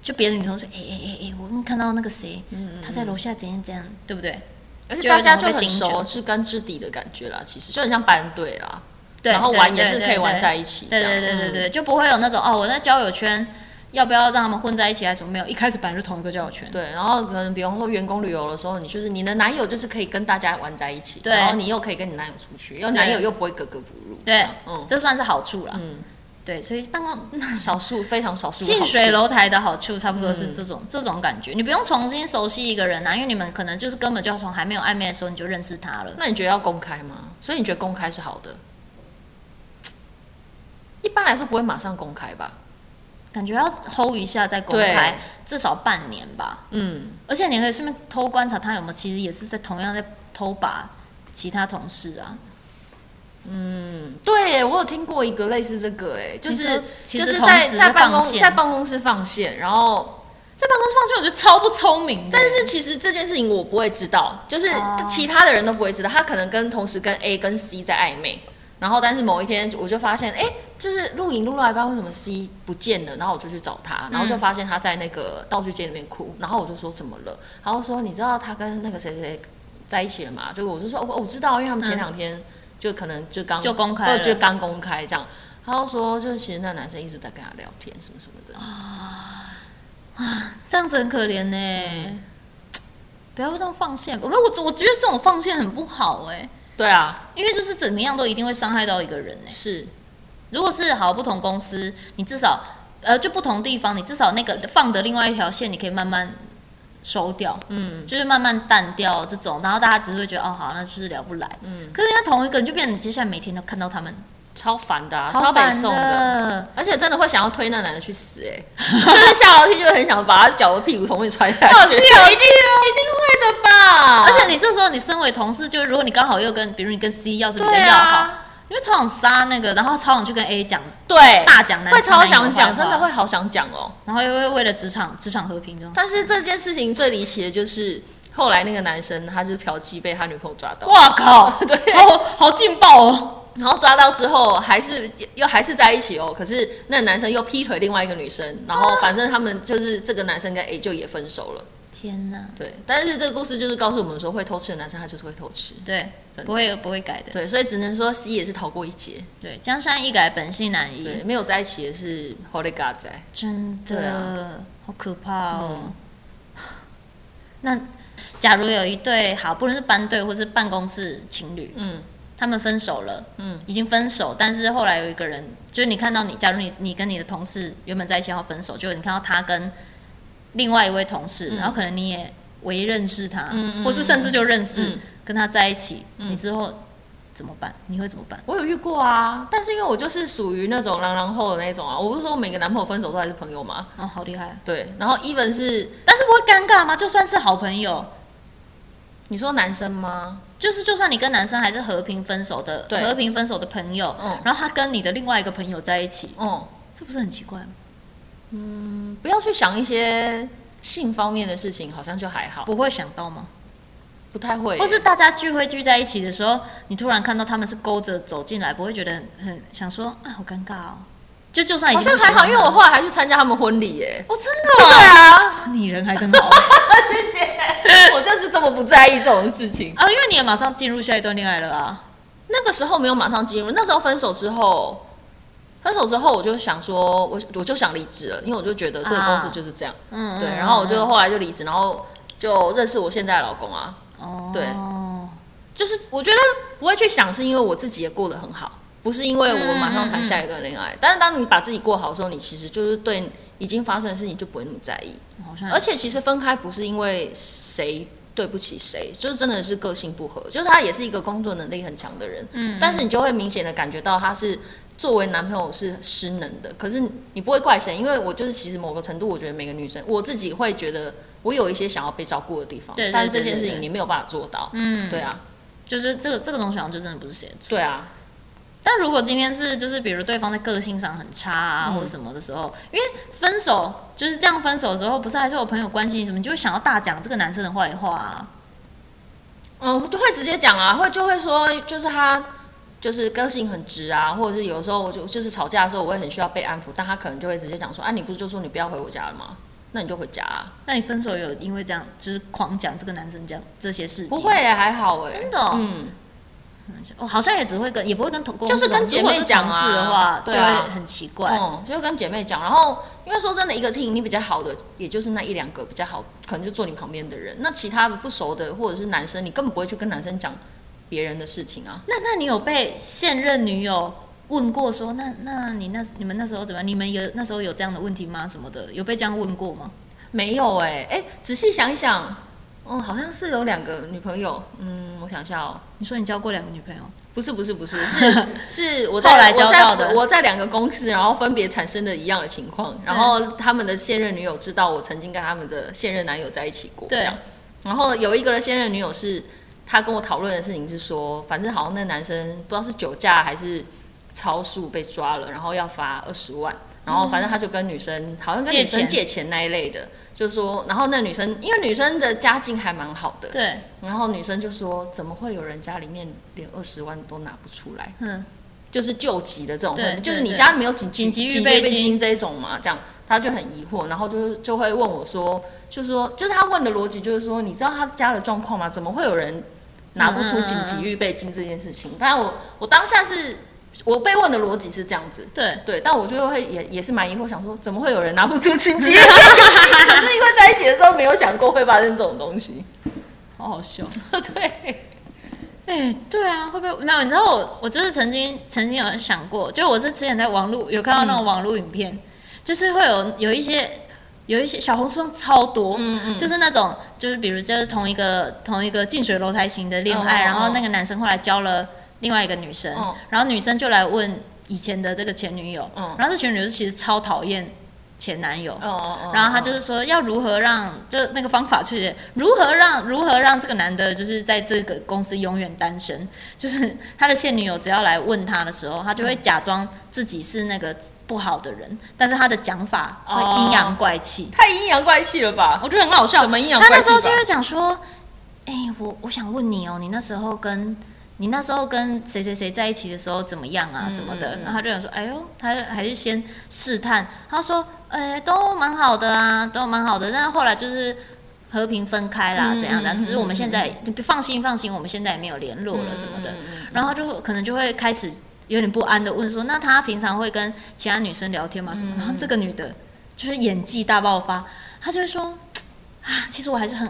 就別的女同事，哎哎哎哎，我看到那個誰，她、嗯、在樓下怎樣怎樣，嗯、對不對？而且大家就，就，就很熟，知根知底的感覺啦，其實就很像班對啦，對，然後玩也是可以玩在一起這樣，對對對對對，就不會有那種哦，我在交友圈。要不要讓他們混在一起還是什麼？沒有，一開始本來是同一個交友圈。對，然後可能比方說員工旅遊的時候，你就是你的男友，就是可以跟大家玩在一起，對，然後你又可以跟你男友出去，然後男友又不會格格不入。對，嗯，這算是好處了。嗯，對，所以辦公少數數非常少數近水樓台的好處，差不多是這種、嗯、這種感覺。你不用重新熟悉一個人啊，因為你們可能就是根本就從還沒有曖昧的時候你就認識他了。那你覺得要公開嗎？所以你覺得公開是好的？一般來說不會馬上公開吧？感覺要 hold 一下再公開，對至少半年吧。嗯，而且你可以順便偷觀察他有沒有，其實也是在同樣在偷把其他同事啊。嗯，對，我有聽過一個類似這個、欸，哎說，就是，其實同時是就是在在辦公在辦公室放線，然後在辦公室放線，我覺得超不聰明。但是其實這件事情我不會知道，就是其他的人都不會知道，哦、他可能跟同事跟 A 跟 C 在曖昧。然後，但是某一天我就發現，哎，就是錄影錄了一半，不知道為什麼 C 不見了？然後我就去找他，然後就發現他在那個道具間裡面哭。然後我就說怎麼了？然後說你知道他跟那個誰誰在一起了嘛？就我就說，我、哦、我、哦、知道，因為他們前兩天就可能就剛、嗯、就公開了，就剛公開這樣。然後說，就其實那男生一直在跟他聊天，什麼什麼的。啊，這樣子很可憐呢、欸嗯。不要這樣放線，不，我我我覺得這種放線很不好哎、欸。對啊，因為就是怎麼樣都一定會傷害到一個人欸，是，如果是好不同公司，你至少呃就不同地方，你至少那個放的另外一條線，你可以慢慢收掉，嗯，就是慢慢淡掉這種，然後大家只是會覺得哦好，那就是聊不來，嗯，可是那同一個人就變你接下來每天都看到他們。超煩的，超沒送的，而且真的會想要推那男的去死哎，就是下樓梯就很想把他腳的屁股從那裡踹下去，一定一定會的吧？而且你這時候你身為同事，就是如果你剛好又跟，比如你跟 C 要是比較要好，因為超想殺那個，然後超想去跟 A 講，對，大講會超想講，真的會好想講哦，然後又會為了職場職場和平這樣，但是這件事情最離奇的就是後來那個男生，他就是嫖妓被他女朋友抓到，哇靠，對，好好勁爆哦。然後抓到之後，還是又還是在一起哦。可是那個男生又劈腿另外一個女生，然後反正他們就是這個男生跟 A 就也分手了。天哪！對，但是這個故事就是告訴我們說，會偷吃的男生他就是會偷吃，對，的不會不會改的。對，所以只能說 C 也是逃過一劫。對，江山易改本性難移，對，沒有在一起也是好家在，真的、啊、好可怕哦。嗯、那假如有一對好，不論是班對或是辦公室情侶，嗯。他們分手了，嗯，已經分手，嗯、但是後來有一個人，就是你看到你，假如你你跟你的同事原本在一起要分手，就你看到他跟另外一位同事，嗯、然後可能你也唯一認識他，嗯嗯，嗯或是甚至就認識跟他在一起，嗯、你之後怎麼辦？嗯、你會怎麼辦？我有遇過啊，但是因為我就是屬於那種浪浪後的那種啊，我不是說每個男朋友分手都還是朋友嗎？哦、啊，好厲害！對，然後 even 是，但是不會尷尬嗎？就算是好朋友。你說男生嗎？就是就算你跟男生還是和平分手的，對和平分手的朋友，嗯、然後他跟你的另外一個朋友在一起，嗯，這不是很奇怪嗎？嗯，不要去想一些性方面的事情，好像就還好。不會想到嗎？不太會。或是大家聚會聚在一起的時候，你突然看到他們是勾着走進來，不會覺得很很想說啊，好尷尬哦。就就算好、啊、像還好，因為我後來還去參加他們婚禮耶、欸！我、哦、真的嗎？啊對啊， 你人還真好， 謝謝。我就是這麼不在意這種事情啊，因為你也馬上進入下一段戀愛了啊。那個時候沒有馬上進入，那時候分手之後，分手之後我就想說，我我就想離職了，因為我就覺得這個公司就是這樣，嗯、啊。對，然後我就後來就離職，然後就認識我現在的老公啊。哦，對，就是我覺得不會去想，是因為我自己也過得很好。不是因為我馬上談下一段戀愛，嗯嗯、但是當你把自己過好的時候，你其實就是對已經發生的事情就不會那麼在意。像像而且其實分開不是因為誰對不起誰，就是真的是個性不合。嗯、就是他也是一個工作能力很強的人，嗯，但是你就會明顯的感覺到他是作為男朋友是失能的。可是你不會怪誰，因為我就是其實某個程度，我覺得每個女生，我自己會覺得我有一些想要被照顧的地方，對對對對對，但是這件事情你沒有辦法做到，嗯，對啊，就是這個這個東西好像就真的不是誰的錯。對啊。但如果今天是就是比如對方在個性上很差啊或什麼的時候，嗯、因為分手就是這樣分手的時候，不是還是有朋友關心你什麼，就會想要大講這個男生的壞話、啊。嗯，就會直接講啊，會就會說就是他就是個性很直啊，或者是有時候我就就是吵架的時候，我會很需要被安撫，但他可能就會直接講說啊，你不是就說你不要回我家了嗎？那你就回家啊。那你分手有因為這樣就是狂講這個男生講這些事情？不會，還好哎、欸，真的、哦，嗯。哦，好像也只會跟，也不會跟同工。就是跟姐妹講啊，對，很奇怪、嗯，就會跟姐妹講。然後，因為說真的，一個 team 你比較好的，也就是那一兩個比較好，可能就坐你旁邊的人。那其他的不熟的，或者是男生，你根本不會去跟男生講別人的事情啊。那，那你有被現任女友問過說，那，那你那你們那時候怎麼樣？你們有那時候有這樣的問題嗎？什麼的，有被這樣問過嗎？嗯、沒有誒、欸，哎、欸，仔細想一想。嗯嗯、哦，好像是有兩個女朋友。嗯，我想一下哦。你說你交過兩個女朋友？不是，不是，不是，是是我， 後來交到的。我在兩個公司，然後分別產生了一樣的情況。然後他們的現任女友知道我曾經跟他們的現任男友在一起過。對。然後有一個人現任女友是，他跟我討論的事情是說，反正好像那男生不知道是酒駕還是超速被抓了，然後要罰二十萬。然後反正他就跟女生好像跟女生借錢那一類的，就是說，然後那女生因為女生的家境還蠻好的，對，然後女生就說，怎麼會有人家裡面連二十萬都拿不出來？嗯，就是救急的這種，對對對對，就是你家裡面沒有緊，緊急緊急預備金這種嘛？這樣，他就很疑惑，然後就就會問我說，就是說就是他問的邏輯就是說，你知道他家的狀況嗎？怎麼會有人拿不出緊急預備金這件事情？當然、嗯啊、我我當下是。我被問的邏輯是這樣子，對對，但我就會也也是蠻疑惑，想說怎麼會有人拿不出親親？就 是因為在一起的時候沒有想過會發生這種東西，好好笑。對，哎、欸，對啊，會不會沒有？你知道我，我就是曾經曾經有想過，就我是之前在網絡有看到那種網絡影片，嗯、就是會有有一些有一些小紅書超多，嗯嗯，嗯就是那種就是比如就是同一個同一個近水樓台型的戀愛，嗯、然後那個男生後來交了。另外一個女生，嗯、然後女生就來問以前的這個前女友，嗯、然後這前女友其實超討厭前男友，嗯嗯、然後她就是說要如何讓，就那個方法去如何讓如何讓這個男的就是在這個公司永遠單身，就是他的現女友只要來問他的時候，他就會假裝自己是那個不好的人，嗯、但是他的講法會陰陽怪氣，嗯、太陰陽怪氣了吧？我覺得很好笑，怎麼陰陽怪氣他那時候就是講說，哎、欸，我我想問你哦，你那時候跟。你那時候跟誰誰誰在一起的時候怎麼樣啊什麼的、嗯？嗯嗯、然後他就想說，哎呦，他還是先試探。他說，哎、欸，都蠻好的啊，都蠻好的。但是後來就是和平分開啦，嗯、怎樣的？只是我們現在、嗯嗯、放心放心，我們現在也沒有聯絡了什麼的。嗯嗯嗯、然後就可能就會開始有點不安的問說，那他平常會跟其他女生聊天嗎？什麼的？嗯、然後這個女的就是演技大爆發，她就會說，啊，其實我還是很。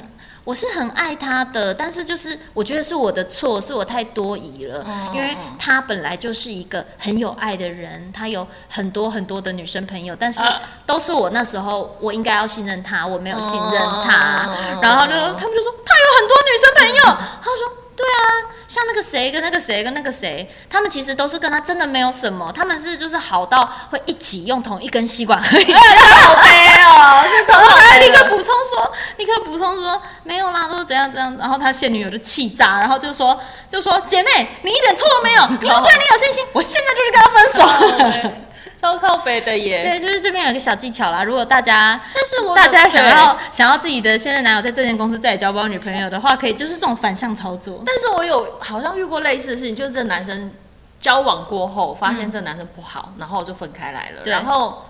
我是很愛他的，但是就是我覺得是我的錯，是我太多疑了，因為他本來就是一個很有愛的人，他有很多很多的女生朋友，但是都是我那時候我應該要信任他，我沒有信任他，然後呢，他們就說他有很多女生朋友，他說。對啊，像那個誰跟那個誰跟那個誰，他們其實都是跟他真的沒有什麼，他們是就是好到會一起用同一根吸管喝飲料，好悲哦、喔！悲。然後立刻補充說，立刻補充說沒有啦，都是怎樣怎樣。然後他現女友就氣炸，然後就說，就說姐妹，你一點錯都沒有，你不對，我對你有信心，好好我現在就去跟他分手。 超靠北的耶！對，就是這邊有一個小技巧啦。如果大家但是我大家想要對想要自己的現任男友在這間公司再也交不到女朋友的話，可以就是這種反向操作。但是我有好像遇過類似的事情，就是這男生交往過後發現這男生不好，嗯、然後就分開來了。對然後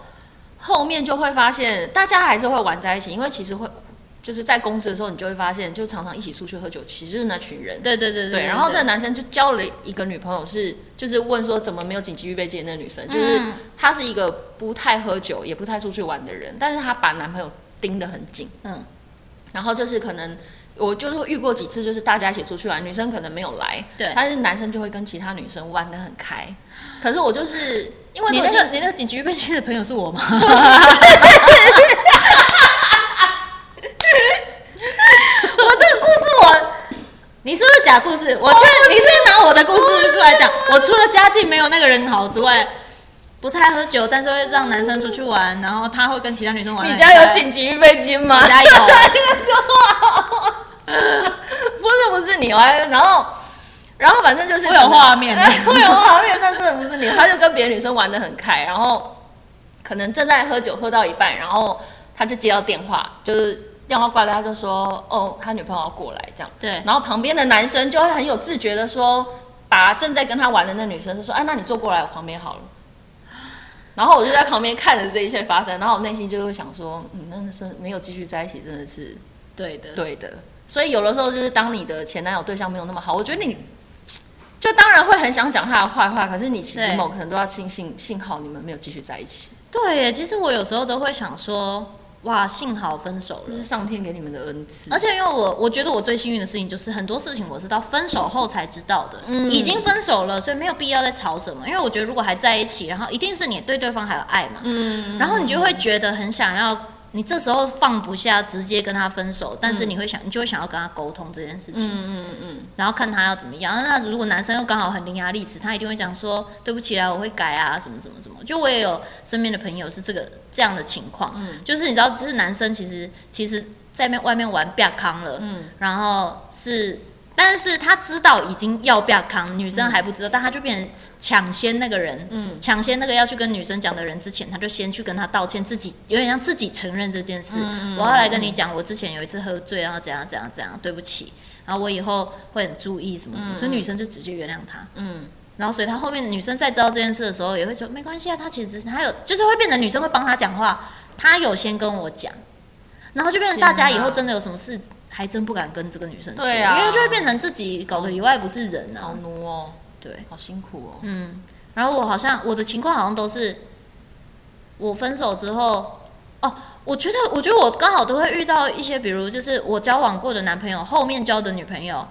後面就會發現大家還是會玩在一起，因為其實會。就是在公司的時候，你就會發現，就常常一起出去喝酒，其實就是那群人。對對對對，對。然後這個男生就交了一個女朋友是，是就是問說怎麼沒有緊急預備金？那女生、嗯、就是她是一個不太喝酒，也不太出去玩的人，但是她把男朋友盯得很緊。嗯。然後就是可能我就是遇過幾次，就是大家一起出去玩，女生可能沒有來，對，但是男生就會跟其他女生玩得很開。可是我就是我因為你那個你那個緊急預備金的朋友是我嗎？講故事，我確，oh, 是你是，是拿我的故事出來講。我除了家境沒有那個人好之外，不太喝酒，但是會讓男生出去玩。然後他會跟其他女生玩。你家有緊急預備金嗎？我家有， 不是不是你，然後然後反正就是會有畫面，會、 呃、有畫面，但真的不是你。他就跟別的女生玩得很開，然後可能正在喝酒，喝到一半，然後他就接到電話，就是。電話掛了，他就說：“哦，他女朋友要過來，這樣。”對。然後旁邊的男生就會很有自覺的說：“把正在跟他玩的那女生說，哎、啊，那你坐過來我旁邊好了。”然後我就在旁邊看着這一切發生，然後我內心就會想說：“嗯，那是沒有繼續在一起，真的是。”對的。對的。所以有的時候就是當你的前男友對象沒有那麼好，我覺得你，就當然會很想講他的壞話，可是你其實某個程度都要慶幸，幸好你們沒有繼續在一起。對，其實我有時候都會想說。哇，幸好分手了，這是上天給你們的恩賜。而且，因為我我覺得我最幸運的事情就是很多事情我是到分手後才知道的。嗯，已經分手了，所以沒有必要再吵什麼。因為我覺得如果還在一起，然後一定是你對對方還有愛嘛。嗯，然後你就會覺得很想要。你這時候放不下，直接跟他分手，但是你會想，嗯、你就會想要跟他溝通這件事情。嗯嗯嗯。嗯嗯嗯，然後看他要怎麼樣。那如果男生又剛好很伶牙俐齒，他一定會講說：“對不起啊，我會改啊，什麼什麼什麼。”就我也有身邊的朋友是這個這樣的情況，嗯、就是你知道，這、就是男生其實其實在外面玩嫖娼了，嗯、然後是。但是他知道已經要不要扛，女生還不知道，嗯、但他就變成搶先那個人，搶、嗯、先那個要去跟女生講的人之前，他就先去跟她道歉，自己原諒自己承認這件事。嗯、我要來跟你講，我之前有一次喝醉，然後怎樣怎樣怎樣，對不起，然後我以後會很注意什麼什麼。嗯、所以女生就直接原諒他，嗯，嗯，然後所以他後面女生在知道這件事的時候，也會說沒關係啊，他其實是還有就是會變成女生會幫他講話，他有先跟我講，然後就變成大家以後真的有什麼事還真不敢跟這個女生說，對啊，因為就會變成自己搞的，裡外不是人啊。好努哦，喔、對，好辛苦哦，喔。嗯，然後我好像我的情況好像都是，我分手之後，哦，我覺得我覺得我剛好都會遇到一些，比如就是我交往過的男朋友，後面交的女朋友，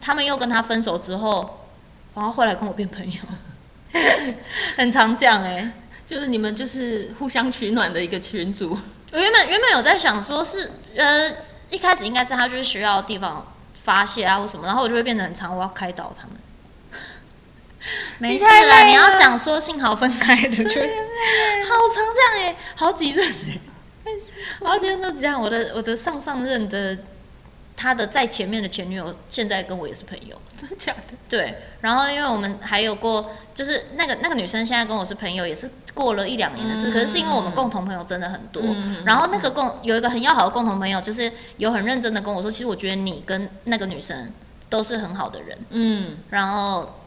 他們又跟他分手之後，然後後來跟我變朋友， 很常講哎，欸，就是你們就是互相取暖的一個群組。我原本原本有在想說是呃。一開始應該是他就是需要地方發洩啊，或什麼，然後我就會變得很常，我要開導他們。沒事啦，你太累了，你要想說幸好分開的，就好常這樣哎、欸，好幾任哎，好幾任都這樣。我的我的上上任的，他的在前面的前女友，現在跟我也是朋友。真的假的？對，然後因為我們還有過，就是那個那個女生現在跟我是朋友，也是過了一兩年的事。嗯、可是是因為我們共同朋友真的很多，嗯、然後那個共有一個很要好的共同朋友，就是有很認真的跟我說，其實我覺得你跟那個女生都是很好的人。嗯，然後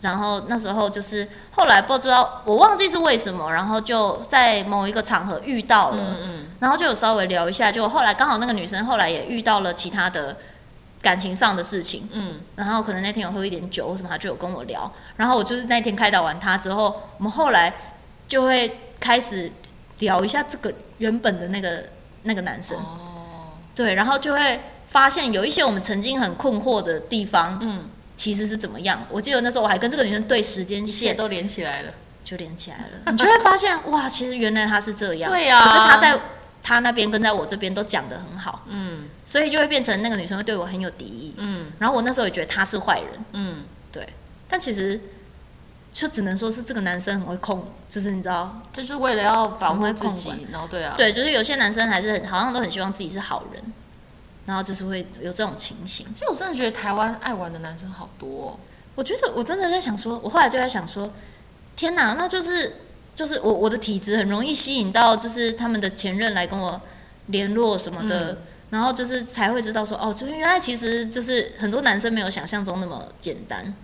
然後那時候就是後來不知道我忘記是為什麼，然後就在某一個場合遇到了，嗯嗯、然後就有稍微聊一下。就後來剛好那個女生後來也遇到了其他的。感情上的事情，嗯，然後可能那天有喝一點酒，什麼他就有跟我聊，然後我就是那天開導完他之後，我們後來就會開始聊一下這個原本的那個那個男生，哦，對，然後就會發現有一些我們曾經很困惑的地方，嗯，其實是怎麼樣？我記得那時候我還跟這個女生對時間線都連起來了，就連起來了， 你就會發現哇，其實原來他是這樣，對呀、啊，可是他在。他那邊跟在我這邊都講得很好，嗯，所以就會變成那個女生會對我很有敵意，嗯，然後我那時候也覺得他是壞人，嗯，對，但其實就只能說是這個男生很會控，就是你知道，就是為了要保護自己，然後對啊，對，就是有些男生還是好像都很希望自己是好人，然後就是會有這種情形。其實我真的覺得台灣愛玩的男生好多哦，我覺得我真的在想說，我後來就在想說，天哪，那就是。就是我我的體質很容易吸引到，就是他們的前任來跟我聯絡什麼的，嗯、然後就是才會知道說，哦，就是原來其實就是很多男生沒有想象中那麼簡單。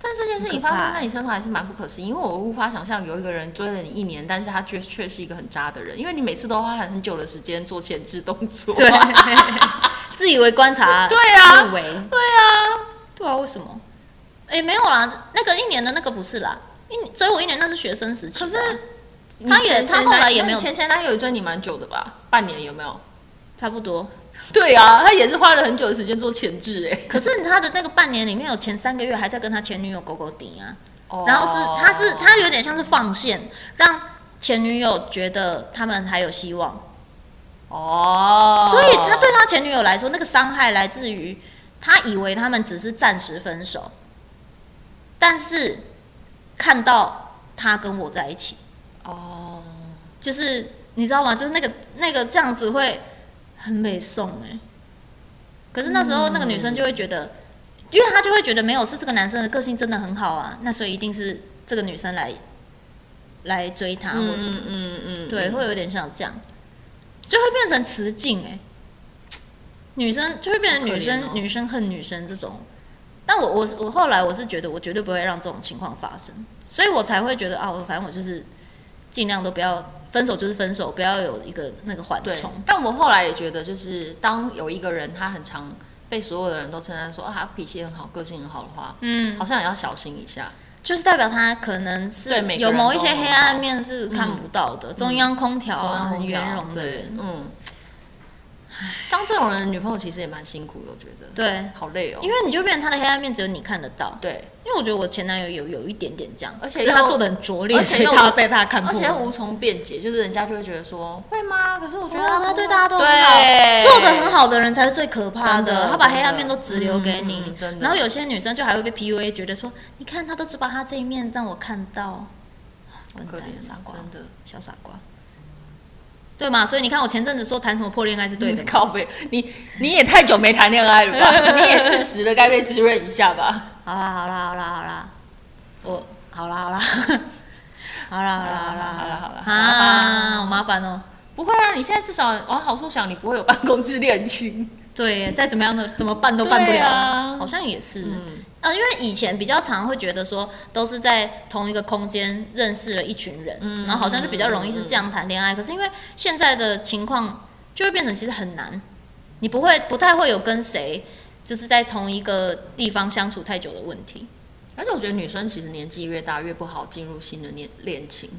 但這件事情發生在你身上還是蠻不可思議，因為我無法想象有一個人追了你一年，但是他卻卻是一個很渣的人，因為你每次都花很很久的時間做前置動作，對， 自以為觀察，對啊，自以為，對啊，對啊，為什麼？哎，沒有啦，那個一年的那個不是啦。追我一年那是學生時期。可是，他也前前他後來也沒有前，前男友追你蠻久的吧？半年有沒有？差不多。對啊，他也是花了很久的時間做前置哎。可是他的那個半年裡面有前三個月還在跟他前女友勾勾頂啊，哦，然後是他是他有點像是放線，讓前女友覺得他們還有希望。哦。所以他對他前女友來說，那個傷害來自於他以為他們只是暫時分手，但是。看到他跟我在一起，哦，就是你知道嗎？就是那個那個這樣子會很美頌哎，可是那時候那個女生就會覺得，因為她就會覺得沒有是這個男生的個性真的很好啊，那所以一定是這個女生來來追他，或是嗯嗯，對，會有點像這樣，就會變成雌競哎，女生就會變成女生女生恨女生這種。但我我我後來我是覺得我絕對不會讓這種情況發生，所以我才會覺得啊，我反正我就是儘量都不要分手，就是分手，不要有一個那個緩衝。但我後來也覺得，就是當有一個人他很常被所有的人都稱讚說啊，他脾氣很好，個性很好的話，嗯，好像也要小心一下，就是代表他可能是有某一些黑暗面是看不到的。嗯、中央空調啊，很圓融的人，嗯。像這種人，女朋友其實也蠻辛苦的，我覺得。對，好累哦。因為你就變成他的黑暗面，只有你看得到。對。因為我覺得我前男友有有一點點這樣，而且他做的很拙劣，而且被他看破，而且無從辯解，就是人家就會覺得說，會嗎？可是我覺得他對大家都很好，做的很好的人才是最可怕的，他把黑暗面都只留給你，然後有些女生就還會被 PUA，覺得說，你看他都只把他這一面讓我看到，很可憐，傻瓜，真的小傻瓜。對嘛？所以你看，我前陣子說，談什麼破戀愛是對的。靠背，你你也太久沒談戀愛了吧？你也適時的該被滋潤一下吧？好啦好啦好啦好啦，我好啦好啦，好啦好啦好啦好啦好啦。啊，我麻煩哦。不會啊，你現在至少往好處想，你不會有辦公室戀情。對，再怎麼樣的怎麼辦都辦不了，好像也是。啊，因為以前比較常會覺得說都是在同一個空間認識了一群人，嗯、然後好像就比較容易是這樣談戀愛。嗯嗯、可是因為現在的情況就會變成其實很難，你不會不太會有跟誰就是在同一個地方相處太久的問題。而且我覺得女生其實年紀越大越不好進入新的戀戀情，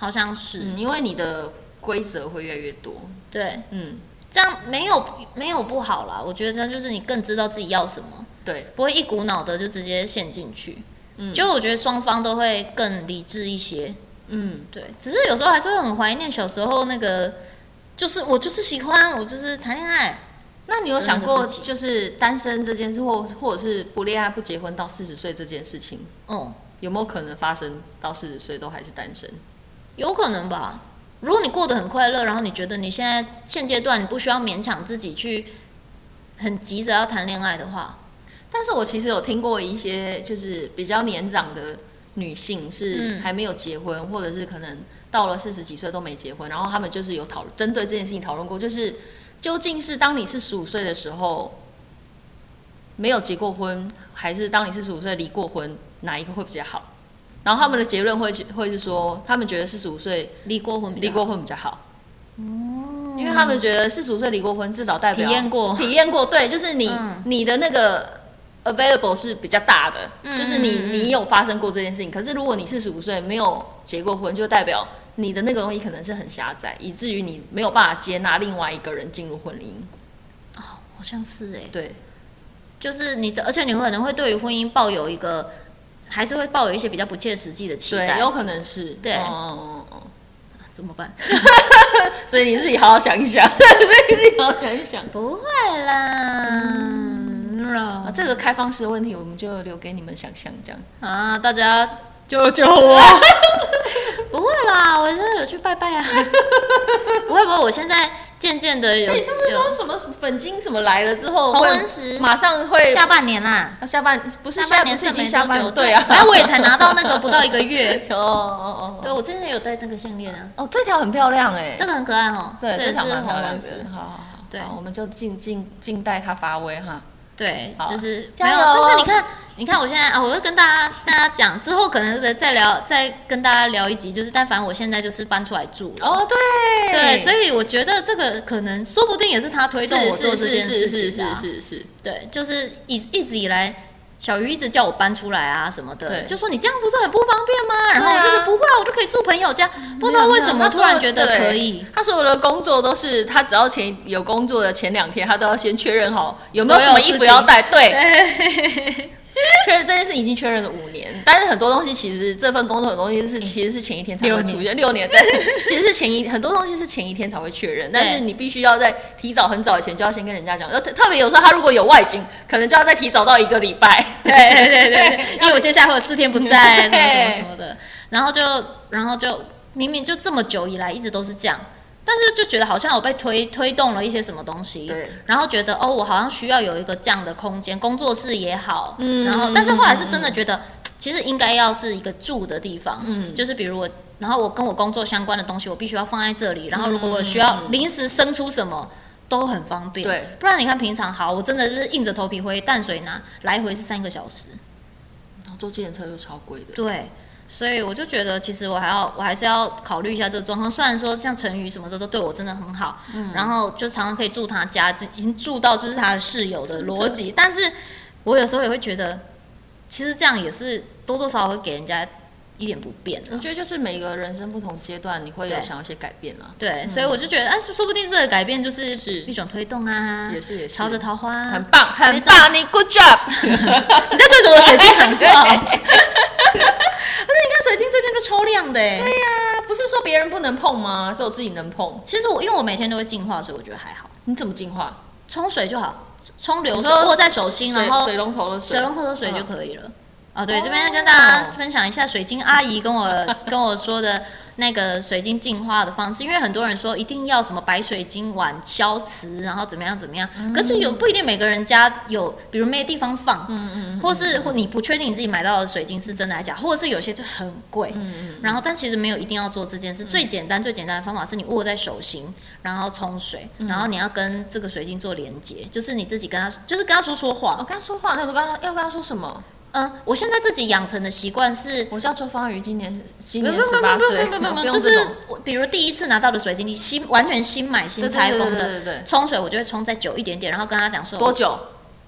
好像是，嗯，因為你的規則會越來越多。對，嗯，嗯，這樣沒有沒有不好啦，我覺得這樣就是你更知道自己要什麼。對，不會一股腦的就直接陷進去，嗯，就我覺得雙方都會更理智一些。嗯，對，只是有時候還是會很懷念小時候那個，就是我就是喜歡我就是談戀愛那。那你有想過就是單身這件事，或或者是不戀愛不結婚到四十歲這件事情？嗯，有沒有可能發生到四十歲都還是單身？有可能吧。如果你過得很快樂，然後你覺得你現在現階段你不需要勉強自己去很急着要談戀愛的話。但是我其實有聽過一些，就是比較年長的女性是還沒有結婚，嗯、或者是可能到了四十幾歲都沒結婚，然後他們就是有討論，針對這件事情討論過，就是究竟是當你四十五歲的時候沒有結過婚，還是當你四十五歲離過婚，哪一個會比較好？然後他們的結論會會是說，他們覺得四十五歲離過婚，離過婚比較好，較好，因為他們覺得四十五歲離過婚至少代表體驗過，體驗過，對，就是你、嗯、你的那個。Available 是比較大的，嗯、就是你你有發生過這件事情。可是如果你四十五歲沒有結過婚，就代表你的那個東西可能是很狹窄，以至於你沒有辦法接納另外一個人進入婚姻。哦，好像是哎。對，就是你，而且你可能會對於婚姻抱有一個，還是會抱有一些比較不切實際的期待。對，有可能是對。哦哦哦，哦、啊，怎麼辦？ 所以你自己好好想一想，你自己好好想一想。不會啦。嗯這個開放式的問題我們就留給你們想象這樣啊！大家救救我！不會啦，我真的有去拜拜啊！不會不會，我現在漸漸的有。你上次說什麼粉晶什麼來了之後，紅紋石馬上會下半年啦。下半不是下半年是已經下半年。對啊！哎，我也才拿到那個不到一個月哦哦哦！對，我之前有戴那個項鏈啊。哦，這條很漂亮哎，這個很可愛哦。對，這條蠻可愛的。好好好，對，我們就靜靜靜待它發威哈。對，好就是沒有。哦、但是你看，你看我現在啊，我就跟大家跟大家講，之後可能再再聊，再跟大家聊一集。就是但凡我現在就是搬出來住哦，對，對，所以我覺得這個可能說不定也是他推動我做這件事，啊、是，是，是是是是是是，對，就是一一直以來，小魚一直叫我搬出來啊什麼的，對就說你這樣不是很不方便嗎？啊、然後我就說不會啊，我就可以住朋友家。有不知道為什麼有他突然覺得可以。他說我的工作都是他，只要前有工作的前兩天，他都要先確認好有沒有什麼衣服要帶。對。 確認這件事已經確認了五年，但是很多東西其實這份工作的東西是、欸、其實是前一天才會出現六年，對，但其實是前一很多東西是前一天才會確認，對但是你必須要在提早很早以前就要先跟人家講，呃，特特別有時候他如果有外景，可能就要再提早到一個禮拜。對，對對對對，因為我接下來會有四天不在，對什麼什麼什麼的，然後就然後就明明就這麼久以來一直都是這樣。但是就覺得好像我被推推動了一些什麼東西，對然後覺得哦，我好像需要有一個這樣的空間，工作室也好。嗯，然後但是後來是真的覺得，嗯嗯、其實應該要是一個住的地方，嗯、就是比如我，然後我跟我工作相關的東西我必須要放在這裡，然後如果我需要臨時生出什麼、嗯、都很方便。對，不然你看平常好，我真的是硬着頭皮回淡水呢，來回是三個小時，然後坐計程車又超貴的。對。所以我就覺得，其實我還要，我還是要考慮一下這個狀況。雖然說像陳宇什麼的都對我真的很好，嗯，然後就常常可以住他家，已經住到就是他的室友的邏輯。嗯、但是，我有時候也會覺得，其實這樣也是多多少少會給人家一點不便、啊。我覺得就是每個人生不同階段，你會有想要一些改變啊。對，嗯、所以我就覺得，哎、啊，說不定這個改變就是一種推動啊，也是也是，朝着桃花、啊，很棒，很棒，動你 good job， 你在對手的血氣很棒 對對水晶最近就超亮的哎！對呀，不是說別人不能碰嗎？只有自己能碰。其實我因為我每天都會淨化，所以我覺得還好。你怎麼淨化？沖水就好，沖流水握在手心，然後水龍頭的水，水龍頭的水就可以了。啊，對，這邊跟大家分享一下水晶阿姨跟我 跟我說的。那個水晶淨化的方式，因為很多人說一定要什麼白水晶碗消磁，然後怎麼樣怎麼樣，可是有不一定每個人家有，比如沒地方放。嗯嗯，嗯，嗯或是或你不確定你自己買到的水晶是真的還假，嗯嗯或者是有些就很貴，嗯，嗯然後但其實沒有一定要做這件事，最簡單最簡單的方法是你握在手心，然後沖水，然後你要跟這個水晶做連接，嗯嗯就是你自己跟他，就是跟他說說話，我、哦、跟他說話，那我剛剛要跟他說什麼？嗯，我現在自己養成的習慣是，我叫周方瑜，今年今年十八歲，就是我比如第一次拿到的水晶，你新完全新買新拆封的，沖對對對對水，我就會沖再久一點點，然後跟他講說多久，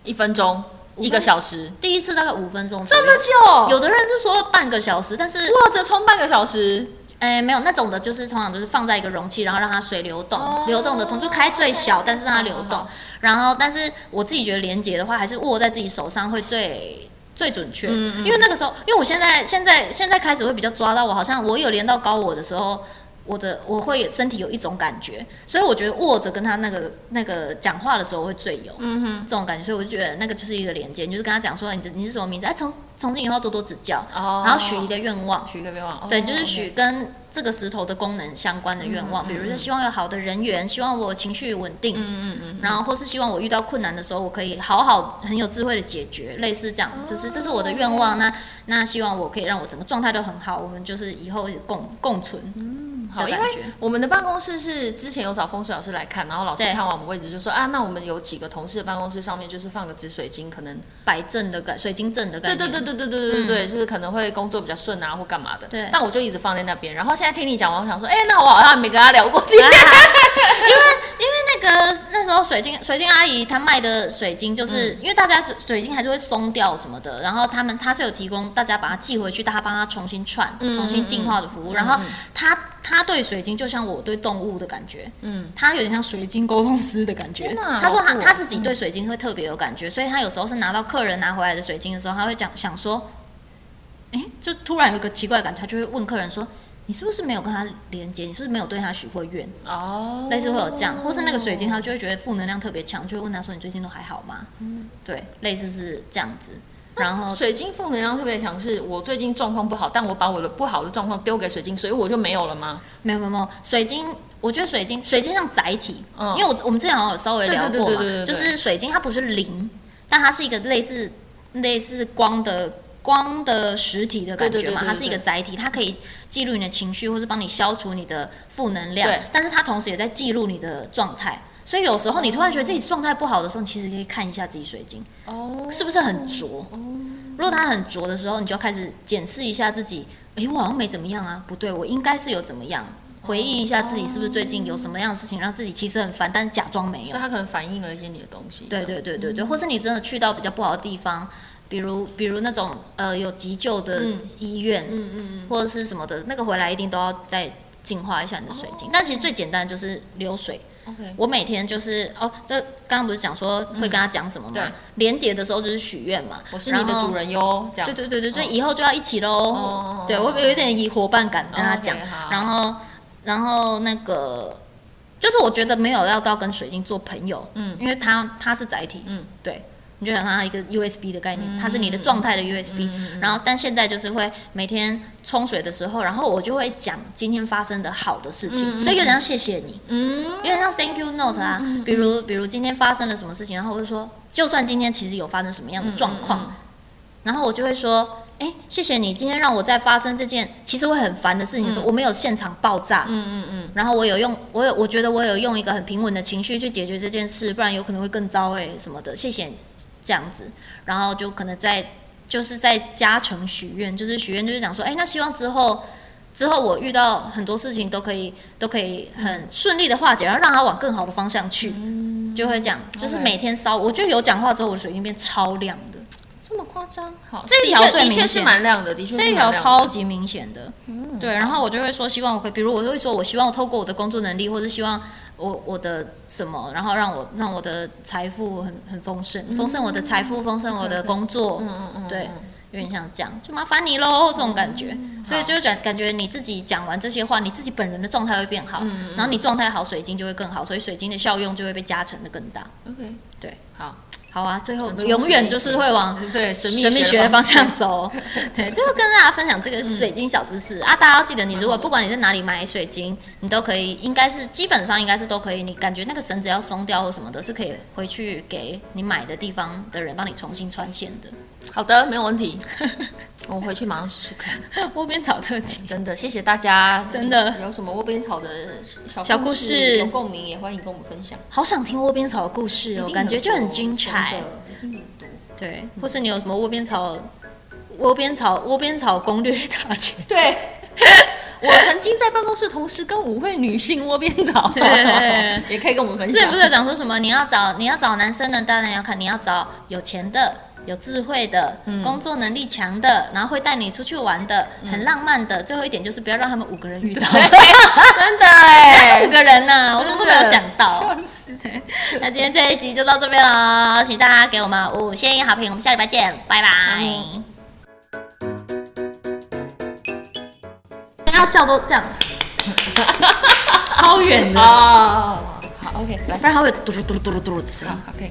一分鐘，分一個小時，第一次大概五分鐘，這麼久，有的人是說半個小時，但是或者沖半個小時，哎、欸，沒有那種的，就是通常都是放在一個容器，然後讓它水流動，哦、流動的沖就開最小，但是讓它流動，哦、然後但是我自己覺得連接的話，還是握在自己手上會最。最準確，因為那個時候，因為我現在現在現在開始會比較抓到我，好像我有連到高我的時候，我的我會身體有一種感覺，所以我覺得握着跟他那個那個講話的時候會最有，嗯這種感覺，嗯哼，所以我就覺得那個就是一個連接，你就是跟他講說你你是什麼名字，哎，從從今以後多多指教，哦，然後許一個願望，許一個願望，對，就是許跟。這個石頭的功能相關的願望，比如說希望有好的人緣，嗯嗯嗯希望我情緒穩定，嗯嗯嗯，然後或是希望我遇到困難的時候，我可以好好很有智慧的解決，類似這樣，就是這是我的願望。哦、那那希望我可以讓我整個狀態都很好，我們就是以後共共存。嗯好，因為我們的辦公室是之前有找風水老師來看，然後老師看完我們位置就說對啊，那我們有幾個同事的辦公室上面就是放個紫水晶，可能擺正的感，水晶陣的感覺。對對對對對對對對，嗯、就是可能會工作比較順啊，或幹嘛的。對。但我就一直放在那邊。然後現在聽你講，我想說，哎、欸，那我好像沒跟他聊過天。對 因為因為那個那時候水晶水晶阿姨她賣的水晶，就是、嗯、因為大家水晶還是會鬆掉什麼的，然後他們他是有提供大家把它寄回去，大家幫他重新串、重新淨化的服務，嗯嗯嗯然後他。他對水晶就像我對動物的感覺，嗯，他有點像水晶溝通師的感覺。啊、他說他他自己對水晶會特別有感覺，嗯、所以他有時候是拿到客人拿回來的水晶的時候，他會講想，想說，哎、欸，就突然有一個奇怪的感覺，他就會問客人說，你是不是沒有跟他連接？你是不是沒有對他許過願？哦，類似會有這樣，或是那個水晶，他就會覺得負能量特別強，就會問他說，你最近都還好嗎？嗯，對，類似是這樣子。然後，水晶負能量特別強，是我最近狀況不好，但我把我的不好的狀況丟給水晶，所以我就沒有了嗎？沒有沒有沒有，水晶，我覺得水晶，水晶像載體，嗯、因為我我們之前好像有稍微聊過嘛，就是水晶它不是靈，但它是一個類似類似光的光的實體的感覺嘛，它是一個載體，它可以記錄你的情緒，或是幫你消除你的負能量，對但是它同時也在記錄你的狀態。所以有時候你突然覺得自己狀態不好的時候，其實可以看一下自己水晶，是不是很濁？如果它很濁的時候，你就要開始檢視一下自己。哎，我好像沒怎麼樣啊？不對，我應該是有怎麼樣？回憶一下自己是不是最近有什麼樣的事情讓自己其實很煩，但是假裝沒有。所以它可能反映了一些你的東西。對對對對對，或是你真的去到比較不好的地方，比如比如那種呃有急救的醫院，嗯嗯嗯，或者是什麼的那個回來一定都要再淨化一下你的水晶。但其實最簡單就是流水。Okay. 我每天就是哦，那剛剛不是講說會跟他講什麼嗎？聯、嗯、結的時候就是許願嘛。我是你的主人喲，然後這樣。對對對對，所以、哦、以後就要一起嘍。哦、對，我有一點以夥伴感跟他講，哦、okay, 然後然後那個，就是我覺得沒有要到跟水晶做朋友，嗯，因為他他是載體，嗯，對。你就想讓它一個 USB 的概念，它是你的狀態的 USB，嗯。嗯嗯嗯，然後，但現在就是會每天沖水的時候，然後我就會講今天發生的好的事情，嗯嗯，所以有點像謝謝你，嗯，有點像 thank you note 啊。嗯嗯，比如，比如今天發生了什麼事情，然後我就說，就算今天其實有發生什麼樣的狀況，嗯嗯嗯，然後我就會說，哎，欸，謝謝你今天讓我在發生這件其實會很煩的事情，嗯，說我沒有現場爆炸，嗯嗯嗯，嗯嗯，然後我有用，我有，我覺得我有用一個很平穩的情緒去解決這件事，不然有可能會更糟，哎、欸，什麼的，謝謝你。這樣子，然後就可能在，就是在加成許願，就是許願，就是講說，哎，那希望之後，之後我遇到很多事情都可以，都可以很順利的化解，然後讓它往更好的方向去，嗯、就會講，的就是每天燒，我就有講話之後，我的水晶變超亮的，這麼誇張？好，這一條最明顯是蠻亮的，的確，這一條超級明顯的，顯的嗯、對，然後我就會說，希望我可以，比如我就會說我希望我透過我的工作能力，或者是希望。我我的什麼，然後讓我讓我的財富很很豐盛，mm hmm. 豐盛我的財富，豐盛我的工作，okay. mm hmm. 對，有點像這樣，就麻煩你嘍，這種感覺，mm hmm. 所以就感感覺你自己講完這些話，你自己本人的狀態會變好，mm hmm. 然後你狀態好，水晶就會更好，所以水晶的效用就會被加成的更大。OK，對，好。好啊，最後我永遠就是會往對神秘學的方向走。對，最後跟大家分享這個水晶小知識，嗯，啊，大家要記得，你如果不管你在哪裡買水晶，你都可以，應該是基本上應該是都可以。你感覺那個繩子要鬆掉或什麼的，是可以回去給你買的地方的人幫你重新穿線的。好的，沒有問題。 我回去馬上試試看。窩邊草特輯，真的謝謝大家，真的有什麼窩邊草的小小故事有共鳴也歡迎跟我們分享。好想聽窩邊草故事哦，感覺就很精彩，對，或是你有什麼窩邊草，窩邊草，窩邊草攻略大全。對，我曾經在辦公室同時跟五位女性窩邊草，也可以跟我們分享。是不是講說什麼，你要找你要找男生的，當然要看你要找有錢的。有智慧的，工作能力強的，然後會帶你出去玩的，很浪漫的。最後一點就是不要讓他們五個人遇到，真的哎，五個人呢，我怎麼都沒有想到，笑死嘞！那今天這一集就到這邊了，請大家給我們五星好評，我們下禮拜見，拜拜。要笑都這樣，超遠的哦，好，OK，來，不然還會嘟嘟嘟嘟嘟的，是嗎？OK。